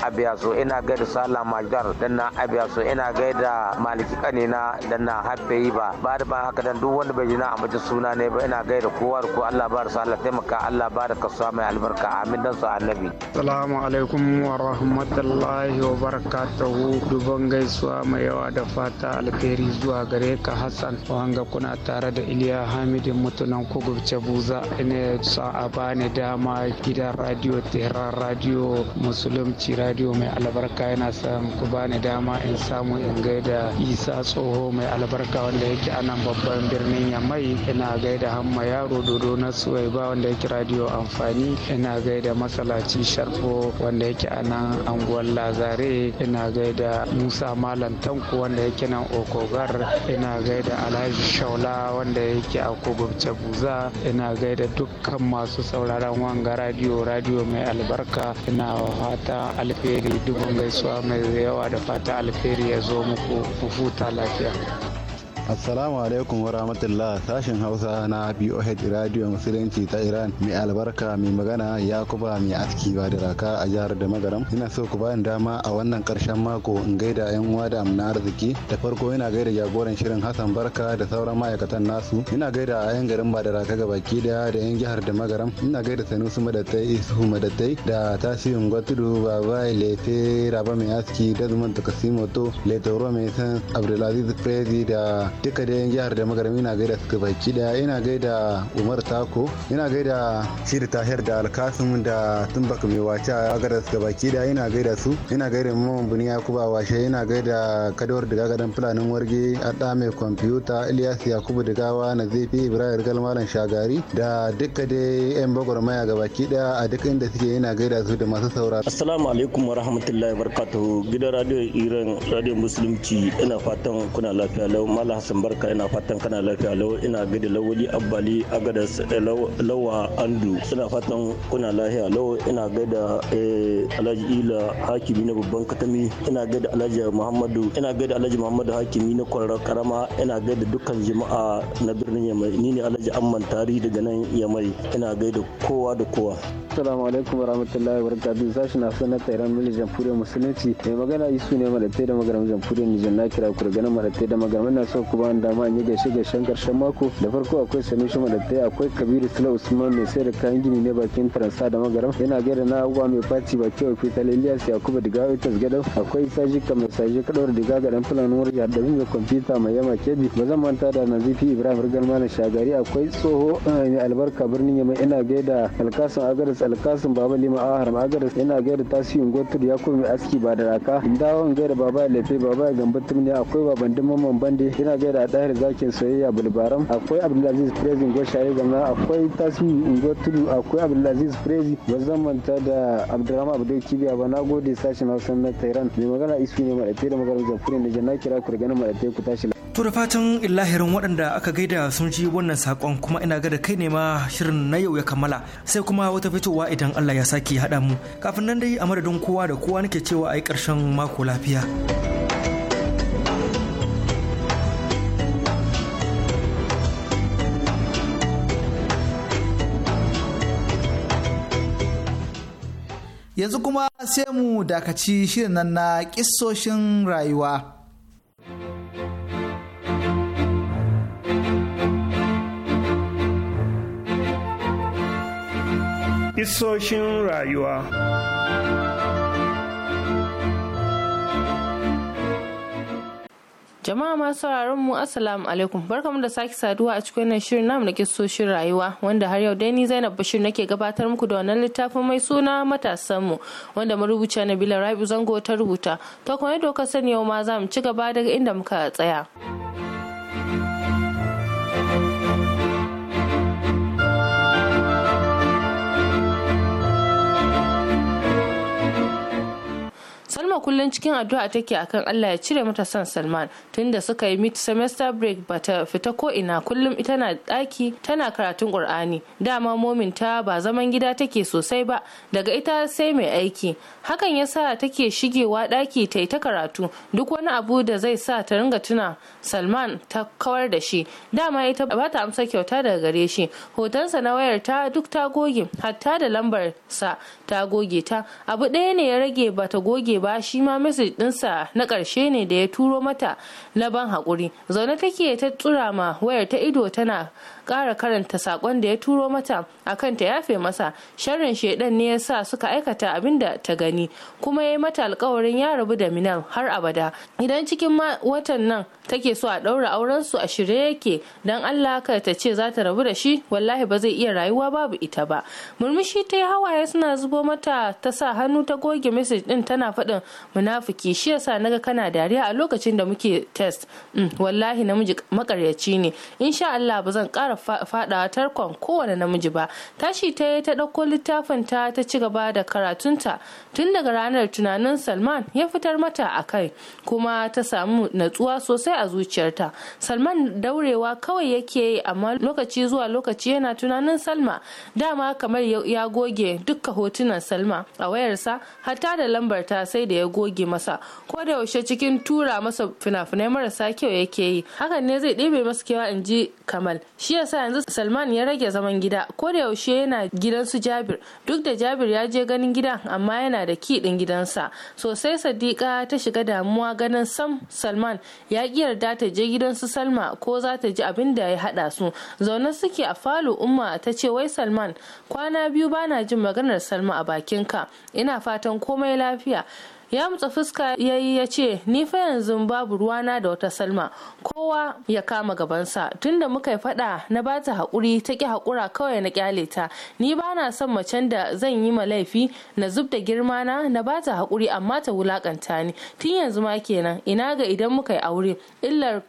[SPEAKER 6] abiyaso ina gaida sala majdar da na abiyaso ina gaida maliki kanina da na haife yi ba ba da bayan haka dan duk wanda bai ji na amince suna ne ba ina gaida kowa da ko Allah ba da sallah taimaka Allah ba da kasuwa mai albarka amin dan su annabi
[SPEAKER 11] salamu alaikum wa rahmatullahi wa barakatuhu duban gaisuwa mai yawa da fata alheri zuwa gare ka hassan wanga kuna tare da iliya hamidin mutunan kugubce buza ina sa a bani dama gidan radio tehran radio musulunci radio mai albarka yana son ku bani dama in samu in gaida isa tsoho mai albarka wanda yake anan babban birnin yamai ina gaida hamma yaro dodo na suwaiba wanda yake radio amfani ina gaida masalaci masallaci sharfo wanda yake a nan anguwar lazare ina gaida musa malam tanko wanda yake nan okogar ina gaida alhaji shaula wanda yake a kogobce buza ina gaida dukkan masu sauraron wanga radio radio mai albarka ina fata alferi dubin gaisuwa mai yawa da fata alferi ya zo muku lafiya
[SPEAKER 12] Assalamu alaikum wa rahmatullah sashen Hausa na BOH Radio Musulunci ta Iran mai albarka mai magana Yakuba mai aski ba da raka a jihar da magaram. Ina so ku bayan dama a wannan karshen mako in gaida yan uwa da amna arziki. Da farko ina gaida jagoran shirin Hassan Barka da sauran ma'aikatan nasu. Ina gaida a yan garin ba da raka gabaki da yan jihar da magaram. Ina gaida Sanusi madadai Isuhu madadai. da Tasirin Gwatudu Babai Lefe Raba mai aski Desmond Takasimoto Letoro mai san Abdulaziz Prezi da duka da yan jihar da magarami ina gaida su baki daya ina gaida umar tako ina gaida shiri tahir da alkasim da tumbak mai wace a gaida ga baki daya ina gaida su ina gaida mamman buni yakuba washe ina gaida kadawar daga gagadan fulanin warge adda mai kwamfuta ilyas yakubu digawa na zafi ibrahim malam shagari da duka da yan maya ga baki daya a duk inda suke ina gaida su da masu saurara
[SPEAKER 7] assalamu alaikum wa rahmatullahi barakatuhu gidan radio iran radio musulunci ina fatan kuna lafiya lau malam hassan barka ina fatan kana lafiya lau ina gidi lawali abbali a gada eh, lawa andu suna fatan kuna lafiya lau ina gada eh, alhaji ila hakimi na babban katami ina gada alhaji muhammadu ina gada alhaji muhammadu hakimi na kwarar karama ina gada dukkan jama'a na birnin yamai ni ne alhaji amman tari daga nan yamai ina gada kowa da kowa
[SPEAKER 9] assalamu alaikum warahmatullahi wabarakatuh sashi na sanar tairan mili jamhuriyar musulunci mai magana yi su ne madatai da magaram jamhuriyar nijar na kira kurganin madatai da magaram na so kuma da ma yi gaishe gaishen karshen mako da farko akwai sami shi madadai akwai kabiru sula usman mai sayar da kayan gini ne bakin faransa da magaram yana gaida na uwa mai faci ba kewa fita liliyas da diga witas gadau akwai saji ka mai saji kadawar diga ga dan fulani wuri ya dabi mai kwamfuta mai yama kebi ba zan manta da nazifi ibrahim rigar mana shagari akwai tsoho eh, mai albarka birnin yamma ina gaida alkasun agaris alkasun baba lima haram agaris ina gaida tasirin gotur kuma mai aski ba da raka dawon gaida baba ya lefe baba ya gambatum ne akwai baban mamman bande ina gaida da zakin soyayya bulbaram akwai abdulaziz prezi shari zama akwai tasiru ngo tudu akwai abdulaziz prezi ba zan manta da abu abdul kibiya ba na gode sashen hausa na tairan mai magana isu ne maɗatai
[SPEAKER 3] da magana jamhuriyar nijar na kira ku ganin ma maɗatai ku tashi To da fatan lahirin waɗanda aka gaida sun ji wannan saƙon kuma ina ga da kai ne ma shirin na yau ya kammala sai kuma wata fitowa idan Allah ya sake haɗa mu kafin nan dai a madadin kowa da kowa nake cewa a yi ƙarshen mako lafiya.
[SPEAKER 1] yanzu kuma sai mu dakaci shirin nan na kissoshin rayuwa. Kissoshin
[SPEAKER 13] rayuwa Jama'a masu sauraron mu Assalamu alaikum. Barkamu da sake saduwa a cikin wannan shirin namu na kissoshin rayuwa wanda har yau dai ni Zainab Bashir nake gabatar muku da wannan littafin mai suna matasan mu wanda na Nabila Rabi Zango ta rubuta. To kuma yadda ka sani yau ma za mu ci gaba daga inda muka tsaya. Salma kullum cikin addu'a take akan Allah ya cire mata son Salman tunda suka yi mid semester break bata fita ko ina kullum ita na daki tana karatun Qur'ani dama mominta ba zaman gida take sosai ba daga ita sai mai aiki hakan yasa take shigewa daki ta yi ta karatu duk wani abu da zai sa ta ringa tuna Salman ta kawar da shi dama ita ba ta amsa kyauta daga gare shi hotonsa na wayar ta duk ta goge hatta da lambar sa ta goge ta abu ɗaya ne ya rage ba ta goge ba shi ma message dinsa na karshe ne da ya turo mata na ban haƙuri zaune take ta tsura ma wayar ta ido tana kara karanta sakon da ya turo mata akan ta yafe masa sharrin shaidan ne ya sa suka aikata abin da ta gani kuma ya yi mata alkawarin ya rabu da minal har abada idan cikin watan nan take so a ɗaura auren su a shirye yake dan allah ka ta ce za ta rabu da shi wallahi ba zai iya rayuwa babu ita ba murmushi ta yi hawaye suna zubo mata ta sa hannu ta goge message din tana faɗin munafiki shi yasa naga kana dariya a lokacin da muke test mm, wallahi namiji makaryaci ne insha Allah ba zan ƙara faɗawa tarkon kowane namiji ba tashi ta yi ta ɗauko littafin ta ta ci gaba da karatunta tun daga ranar tunanin Salman ya fitar mata a kai kuma ta samu natsuwa sosai a zuciyarta Salman daurewa kawai yake yi amma lokaci zuwa lokaci yana tunanin Salma dama kamar ya goge dukka hotunan Salma a wayarsa hatta da lambarta sai da ya ya goge masa ko da yaushe cikin tura masa fina-finai marasa kyau yake yi hakan ne zai ɗebe masa kewa in ji kamal shi yasa yanzu salman ya rage zaman gida ko da yaushe yana gidan su jabir duk da jabir ya je ganin gidan amma yana da ki ɗin gidansa sosai sadiqa ta shiga damuwa ganin sam salman ya ƙi yarda ta je gidan su salma ko za ta ji abin da ya haɗa su zaune suke a falo umma ta ce wai salman kwana biyu bana jin maganar salma a bakinka ina fatan komai lafiya ya mutsa fuska ya yi ya ce ni fa yanzu babu ruwana da wata salma kowa ya kama gabansa tunda muka yi faɗa na ba ta haƙuri ta ki hakura kawai na ƙyale ta ni ba na son macen da zan yi ma laifi na zub da girma na na ba ta haƙuri amma ta wulaƙanta ni tun yanzu ma kenan ina ga idan muka yi aure illar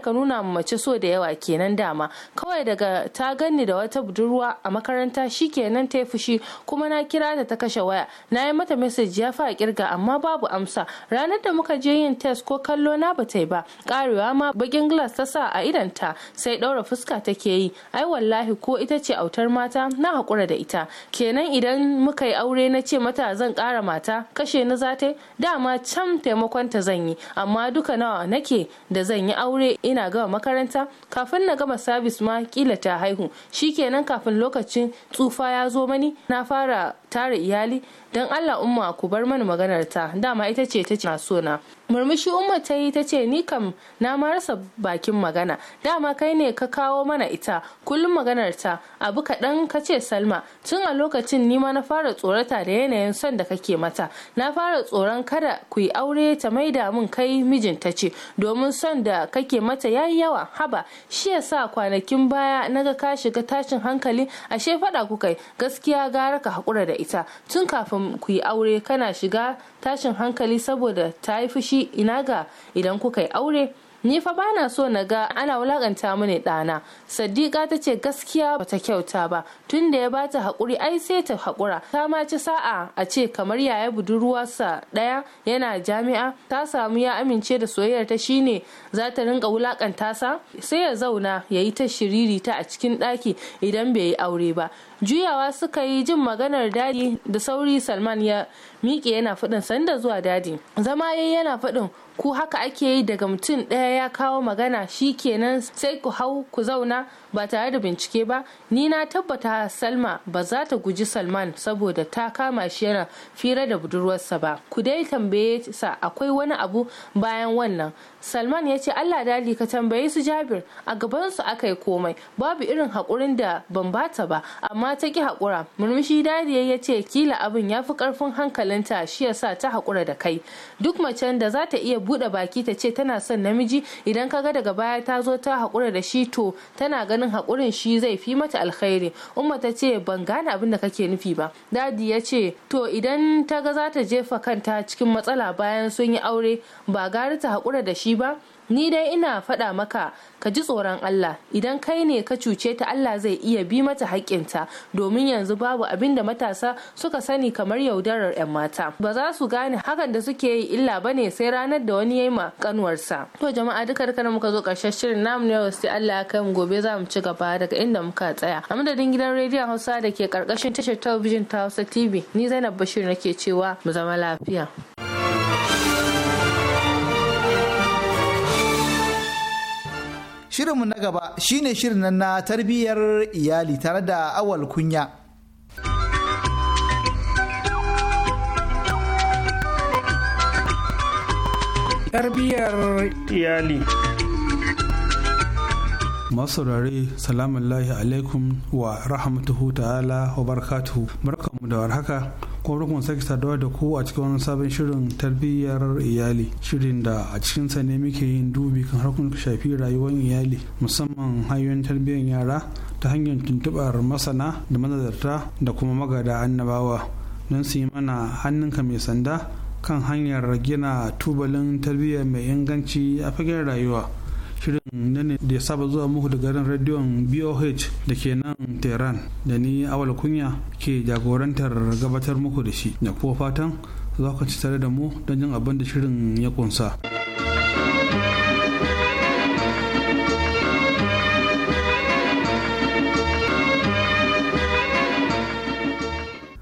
[SPEAKER 13] ka nuna ma mace so da yawa kenan dama kawai daga ta ganni da wata budurwa a makaranta shikenan ta yi fushi kuma na kira ta ta kashe waya na yi mata message ya fa kirga amma amma babu amsa ranar da muka je yin test ko kallo na ba ta yi ba karewa ma bakin glass ta sa a ta sai daura fuska take yi ai wallahi ko ita ce autar mata na hakura da ita kenan idan muka yi aure na ce mata zan kara mata kashe ni za ta dama can taimakon ta zan yi amma duka nawa nake da zan yi aure ina gama makaranta kafin na gama sabis ma kila ta haihu shikenan kafin lokacin tsufa ya zo mani na fara tara iyali don allah umma ku bar mani maganar ta dama ita ce ta ce na so na murmushi umma ta yi ta ce ni kam na marasa bakin magana dama kai ne ka kawo mana ita kullum maganar ta abu kaɗan ka ce salma tun a lokacin ni ma na fara tsorata da yanayin son da kake mata na fara tsoron kada ku yi aure ta maida min kai mijinta ce domin son da kake mata yayi yawa haba shi ya sa kwanakin baya naga ka shiga tashin hankali ashe faɗa ku kai gaskiya gara ka haƙura da ita tun kafin ku yi aure kana shiga tashin hankali saboda ta yi fushi shi ina ga idan kuka yi aure ni fa bana so na ga ana wulakanta mini ɗana Sadiqa ta ce gaskiya bata kyauta ba tun da ya bata haƙuri ai sai ta haƙura ta ma ci sa'a a ce kamar yaya budurwarsa ɗaya yana jami'a ta samu ya amince da soyayyar ta shine za ta rinka wulakanta sa sai ya zauna ya yi ta shiriri ta a cikin ɗaki idan bai yi aure ba juyawa suka yi jin maganar dadi da sauri salman ya miƙe yana faɗin sanda zuwa dadi zama yayi yana faɗin ku haka ake yi daga mutum ɗaya ya kawo magana shi kenan sai ku hau ku zauna ba tare da bincike ba ni na tabbata salma ba za ta guji salman saboda ta kama shi yana fira da budurwarsa ba ku dai tambaye sa akwai wani abu bayan wannan salman ya ce allah dali ka tambaye su jabir a gabansu aka yi komai babu irin haƙurin da ban bata ba amma amma ta ki haƙura murmushi dariya ya ce kila abin ya fi ƙarfin hankalinta shi ya sa ta haƙura da kai duk macen da za ta iya buɗe baki ta ce tana son namiji idan ka ga daga baya ta zo ta haƙura da shi to tana ganin haƙurin shi zai fi mata alkhairi umma ta ce ban gane abin da kake nufi ba dadi ya ce to idan ta ga za ta jefa kanta cikin matsala bayan sun yi aure ba gari ta haƙura da shi ba ni dai ina faɗa maka ka ji tsoron Allah idan kai ne ka cuce ta Allah zai iya bi mata haƙƙinta domin yanzu babu abin da matasa suka sani kamar yaudarar 'yan mata ba za su gane hakan da suke yi illa ba ne sai ranar da wani ya yi ma kanuwarsa to jama'a duka duka da muka zo ƙarshen shirin namu na yau sai Allah ya kai mu gobe za mu ci gaba daga inda muka tsaya a madadin gidan rediyon Hausa da ke ƙarƙashin tashar talabijin ta Hausa TV ni Zainab Bashir nake cewa mu zama lafiya. shirinmu na gaba shine shirin
[SPEAKER 1] na tarbiyyar iyali tare da awal kunya.
[SPEAKER 4] Tarbiyyar iyali.
[SPEAKER 14] masu salamun alaikum wa rahmatuhu ta'ala wa barakatuhu barkanmu da warhaka ko rukun sake saduwa da ku a cikin wani sabon shirin tarbiyyar iyali shirin da a cikinsa ne muke yin dubi kan da shafi rayuwar iyali musamman hanyoyin tarbiyyar yara ta hanyar tuntubar masana da manazarta da kuma magada annabawa don su yi mana hannunka mai sanda kan hanyar gina tubalin tarbiyyar mai inganci a fagen rayuwa shirin na ne da ya saba zuwa muku da garin rediyon boh da ke nan tehran da ni awal kunya ke jagorantar gabatar muku da shi da kuma fatan za ku ci tare da mu don jin abin da shirin ya kunsa.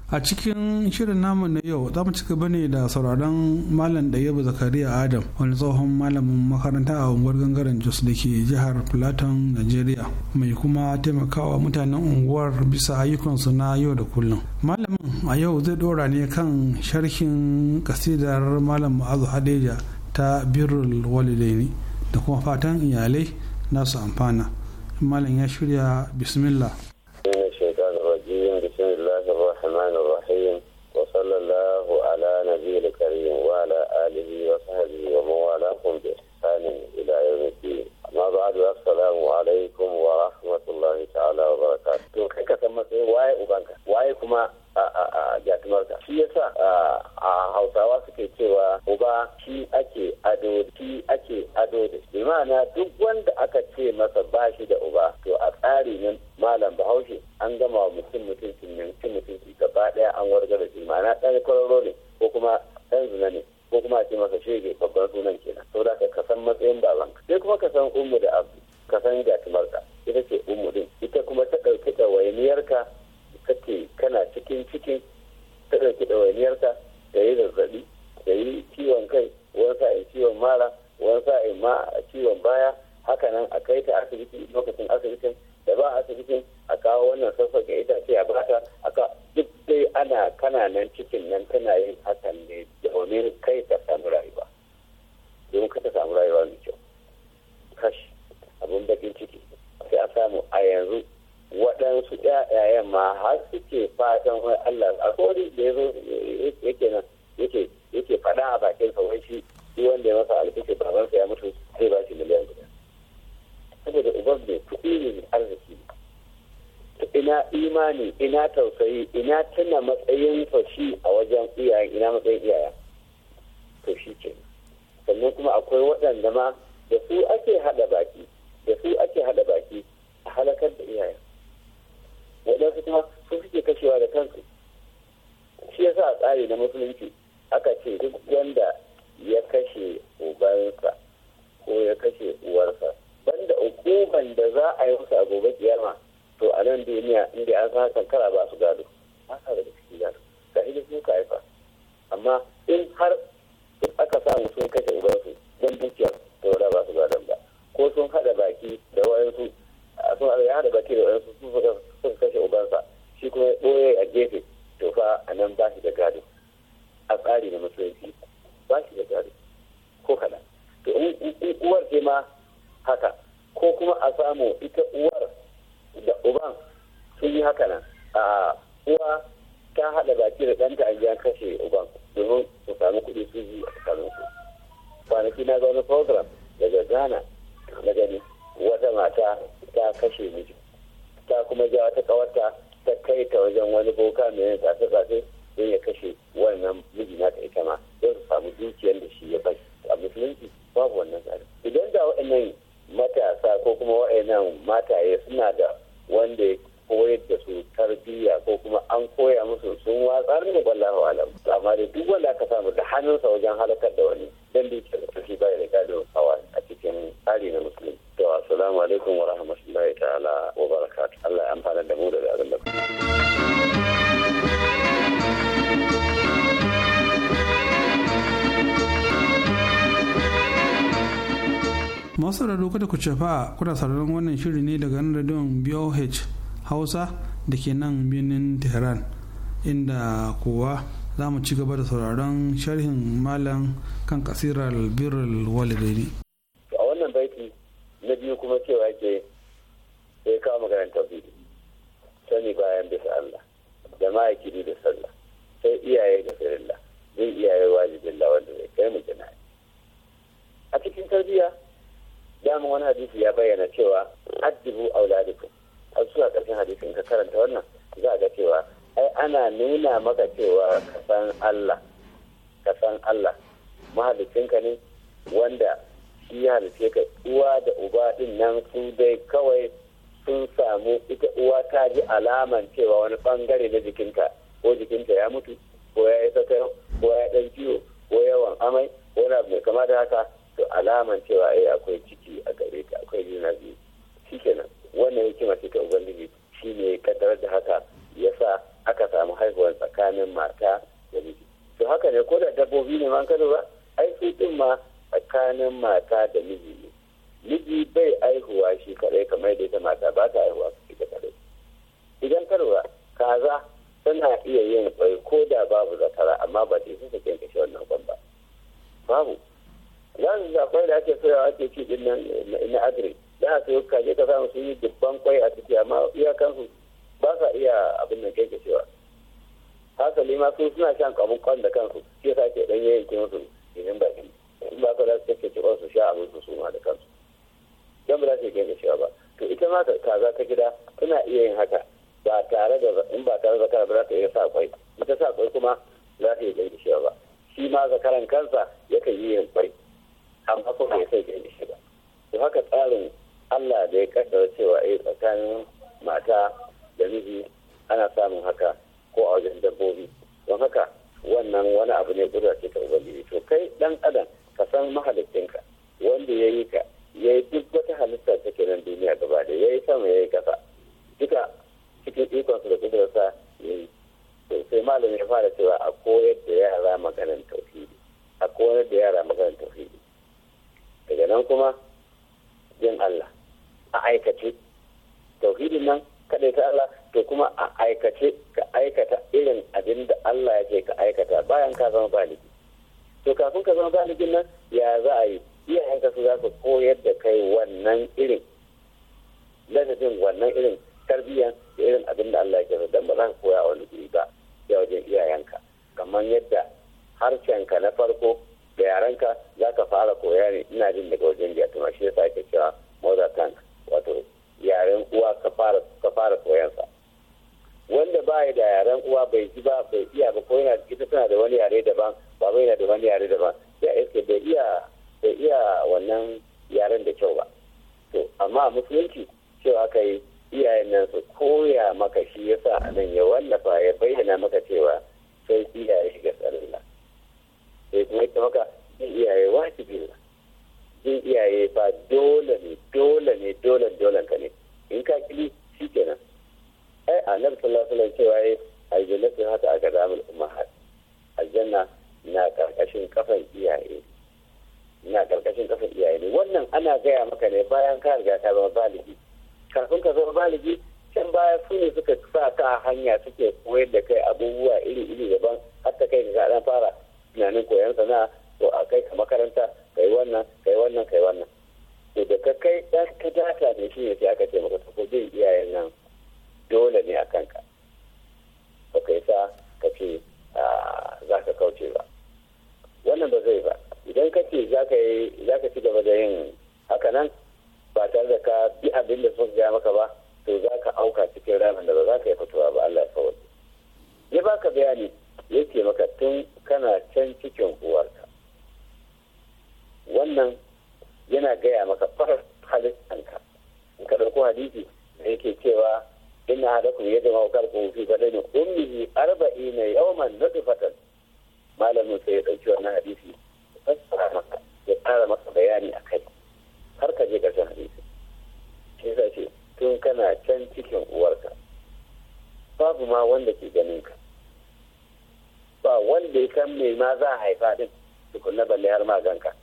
[SPEAKER 14] a cikin shirin namu na yau za mu ci gaba ne da sauraron malam ɗayyabu zakariya adam wani tsohon malamin makaranta a unguwar gangaren jos da ke jihar platon nigeria mai kuma taimakawa mutanen unguwar bisa ayyukansu na yau da kullum malamin a yau zai dora ne kan sharhin kasidar malam ma'azu hadeja ta birrul walidaini da kuma fatan iyalai nasu amfana malam ya shirya bismillah
[SPEAKER 15] yanzu waɗansu ƴaƴayen ma har suke fatan wai Allah a kori da ya zo yake nan yake yake faɗa a bakin sa wai shi shi wanda ya masa alƙishi babansa ya mutu zai ba shi miliyan guda saboda uban mai kuɗi ne arziki ina imani ina tausayi ina tuna matsayin fashi a wajen iyayen ina matsayin iyayen to shi ke sannan kuma akwai waɗanda ma da su ake haɗa baki da su ake haɗa baki a halakar da iyaye waɗansu kuma sun suke kashewa da kansu shi yasa a tsari na musulunci aka ce duk wanda ya kashe ubansa ko ya kashe uwarsa banda ukuban da za a yi musu a gobe kiyama to a nan duniya inda an san hakan kara ba su gado ba sa daga ciki gado ga shi su ka haifa amma in har aka samu sun kashe ubansu don dukiyar to ba su gado ba ko sun haɗa baki da wayansu sun ya hada baki da wani sun suka kashe ubansa shi kuma ɓoye a gefe to fa a nan ba shi da gado a tsari na musulunci ba shi da gado ko kada to in uwar ce ma haka ko kuma a samu ita uwar da uban sun yi haka nan a uwa ta haɗa baki da ɗanta a ya kashe uban domin su sami kuɗi sun yi a tsakanin su kwanaki na zaune program daga ghana na gani wata mata ta kashe miji ta kuma ja wata kawarta ta kai ta wajen wani boka mai yin tsafe-tsafe don ya kashe wannan miji na ta ita ma don su samu dukiyar da shi ya bai a musulunci babu wannan tsari idan da wa'annan matasa ko kuma wa'annan mataye suna da wanda ya koyar da su tarbiyya ko kuma an koya musu sun watsar ne wallahu alam amma da duk wanda aka samu da hannunsa wajen halakar da wani dan da da shi bai da gado hawa a cikin tsari na musulunci. to assalamu alaikum wa rahmatullahi ta'ala
[SPEAKER 16] wa barakat Allah ya amfana da mu da abin da
[SPEAKER 14] masu da kada ku cefa kuna sauraron wannan shiri ne daga nan radiyon BOH Hausa da ke nan birnin Tehran inda kowa za mu ci gaba da sauraron sharhin malam kan kasirar birrul walidai
[SPEAKER 15] maganar sani bayan bisa Allah da ma'aikiri da sallah sai iyaye da firilla zai iyaye wajibin la wanda zai kai mu jina'i a cikin tarbiyya damar wani hadisi ya bayyana cewa addibu auladikum a zuwa ƙarshen hadisin ka karanta wannan za ga cewa ai ana nuna maka cewa ka san Allah ka Allah mahalicinka ne wanda shi halice ka uwa da uba din nan su dai kawai sun samu ita uwa ta ji alaman cewa wani bangare na jikinta ko jikinta ya mutu ko ya yi sakar ko ya dan ciwo ko yawan amai ko na mai kama da haka to alaman cewa ai eh, akwai ciki a gare ta akwai juna biyu shikenan wannan hikima ce ta ubangiji shine kadar da haka ya sa aka samu haihuwar tsakanin mata da miji to haka ne ko da dabbobi ne man ka ba ai su ma tsakanin mata da miji ne miji bai aihuwa shi kadai kamar da ita mata ba ta aihuwa shi kadai idan ka lura kaza tana iya yin kwai ko da babu zakara amma ba ta isa sakin kashe wannan kwan ba babu za su kwai da ake soyawa ake ci din nan na agri da aka yi kaje ka samu sun yi dubban kwai a ciki amma iyakansu ba sa iya abin nan kai kashewa hasali ma su suna shan kwabin kwan da kansu shi yasa ke dan yayin musu idan bakin ba ka da su kake su sha abin su suma da kansu don ba za su iya cewa ba to ita ma kaza ta gida tana iya yin haka ba tare da in ba tare da zakara ba za ta iya sa kwai ita sa kwai kuma za ta iya gaggecewa ba shi ma zakaran kansa ya yakan yi yin kwai amma kuma ya sai gaggece ba to haka tsarin Allah da ya kaddara cewa a eh, tsakanin mata da miji ana samun haka ko a wajen dabbobi don haka wannan wani abu ne guda ce ta ubangiji to kai dan adam ka san mahalittinka wanda ya yi ka ya yi duk wata halitta ta kenan duniya gaba da ya yi sama ya yi kasa duka cikin su da kudurarsa ya yi sai malam ya fara cewa a koyar da yara maganin tauhidi a koyar da yara maganin tauhidi daga nan kuma jin Allah a aikace tauhidin nan kaɗai ta Allah to kuma a aikace ka aikata irin abin da Allah ya ce ka aikata bayan ka zama baligi to kafin ka zama baligin nan ya za a yi iyayenka su za su koyar da kai wannan irin ladabin wannan irin tarbiyyar da irin abin da Allah ya kira dan ba za ka koya wani guri ba ya wajen iyayenka kamar yadda harshenka na farko da yarenka za ka fara koya ne ina jin daga wajen tuma shi yasa ake cewa mother tank wato yaren uwa ka fara koyansa wanda ba da yaren uwa bai ji ba bai iya ba ko yana ita tana da wani yare daban ba bai yana da wani yare daban ya iske bai iya bai iya wannan yaren da kyau ba to amma musulunci cewa ka yi iyayen nan su koya maka shi ya sa nan ya wallafa ya bayyana maka cewa sai iyaye shiga tsarin sai kuma ita maka jin iyaye wajibi ne jin iyaye ba dole ne dole ne dole dole ka ne in ka kili shi kenan ai annabi sallallahu alaihi wasallam cewa na aljanna haka a gadamin ummahat aljanna na karkashin kafan iyaye na karkashin ƙasar iyaye ne wannan ana gaya maka ne bayan ka riga ka zama baligi kafin ka zama baligi can baya su ne suka sa ka a hanya suke koyar da kai abubuwa iri-iri daban har ta kai ga dan fara
[SPEAKER 13] tunanin koyon
[SPEAKER 15] sana'a ko a kai ka makaranta kai wannan kai wannan kai wannan to da ka kai dan ka data ne shi ne sai aka ce maka ko bin iyayen nan dole ne a kanka ba kai sa ka ce ah, za ka kauce ba wannan ba zai ba idan ka ce za ka ci gaba da yin haka nan ba tare da ka bi abin da suka gaya maka ba to za ka auka cikin ramin da ba za ka yi fitowa ba Allah ya kawai ya ba ka bayani ya ce maka tun kana can cikin uwarka wannan yana gaya maka farar halittanka in ka ɗauko hadisi da yake cewa inna hadakum ma'aukar kuma fi badani ummihi arba'ina yawman nutfatan malamin sai ya ɗauki wannan hadisi ya fassara masa masa bayani a kai har ka je ƙarshen hadisi shi sa ce tun kana can cikin uwarka babu ma wanda ke ganin ka ba wanda ya san mai ma za a haifa din tukunna balle har ma ganka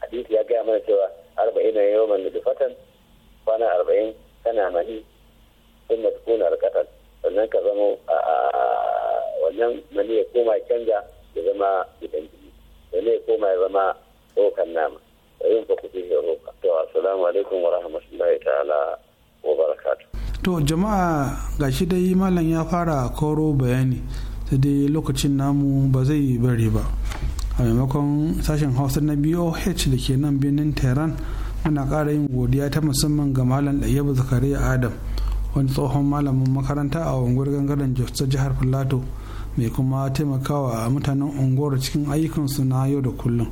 [SPEAKER 15] hadisi ya gaya mana cewa arba'in na yau man da fatan kwana arba'in kana mani sun matukuna alkatar sannan ka zama a wannan mani ya koma ya canja ya zama gidan jini wani ya koma ya zama tsokan nama da yin fakuti ya roka to assalamu alaikum wa rahmatullahi ta'ala wa barakatu.
[SPEAKER 14] to jama'a gashi dai malam ya fara koro bayani sai dai lokacin namu ba zai bari ba a maimakon sashen hausa na boh da ke nan birnin tehran muna ƙara yin godiya ta musamman ga malam ɗayyabu zakariya adam wani tsohon malamin makaranta a unguwar gangaren jos jihar plateau mai kuma taimakawa mutanen unguwar cikin ayyukansu na yau da kullum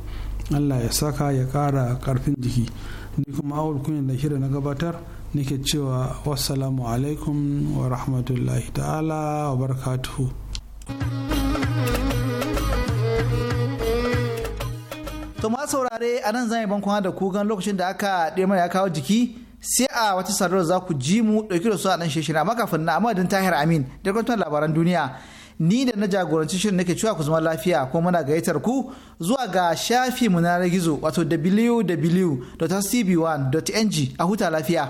[SPEAKER 14] allah ya saka ya kara karfin jiki ni kuma awul kunya da shirya na gabatar nake cewa wassalamu alaikum wa rahmatullahi ta'ala wa barakatuhu
[SPEAKER 1] to ma saurare a nan zan yi bankon da ku gan lokacin da aka ɗemar ya kawo jiki sai a wata sadarwar za ku ji mu ɗauki da su a nan shishina makafin na amadin tahir amin da kwantar labaran duniya ni da na jagoranci shirin nake cewa ku zama lafiya kuma muna gayyatar ku zuwa ga shafi mu na gizo wato www.cb1.ng a huta lafiya.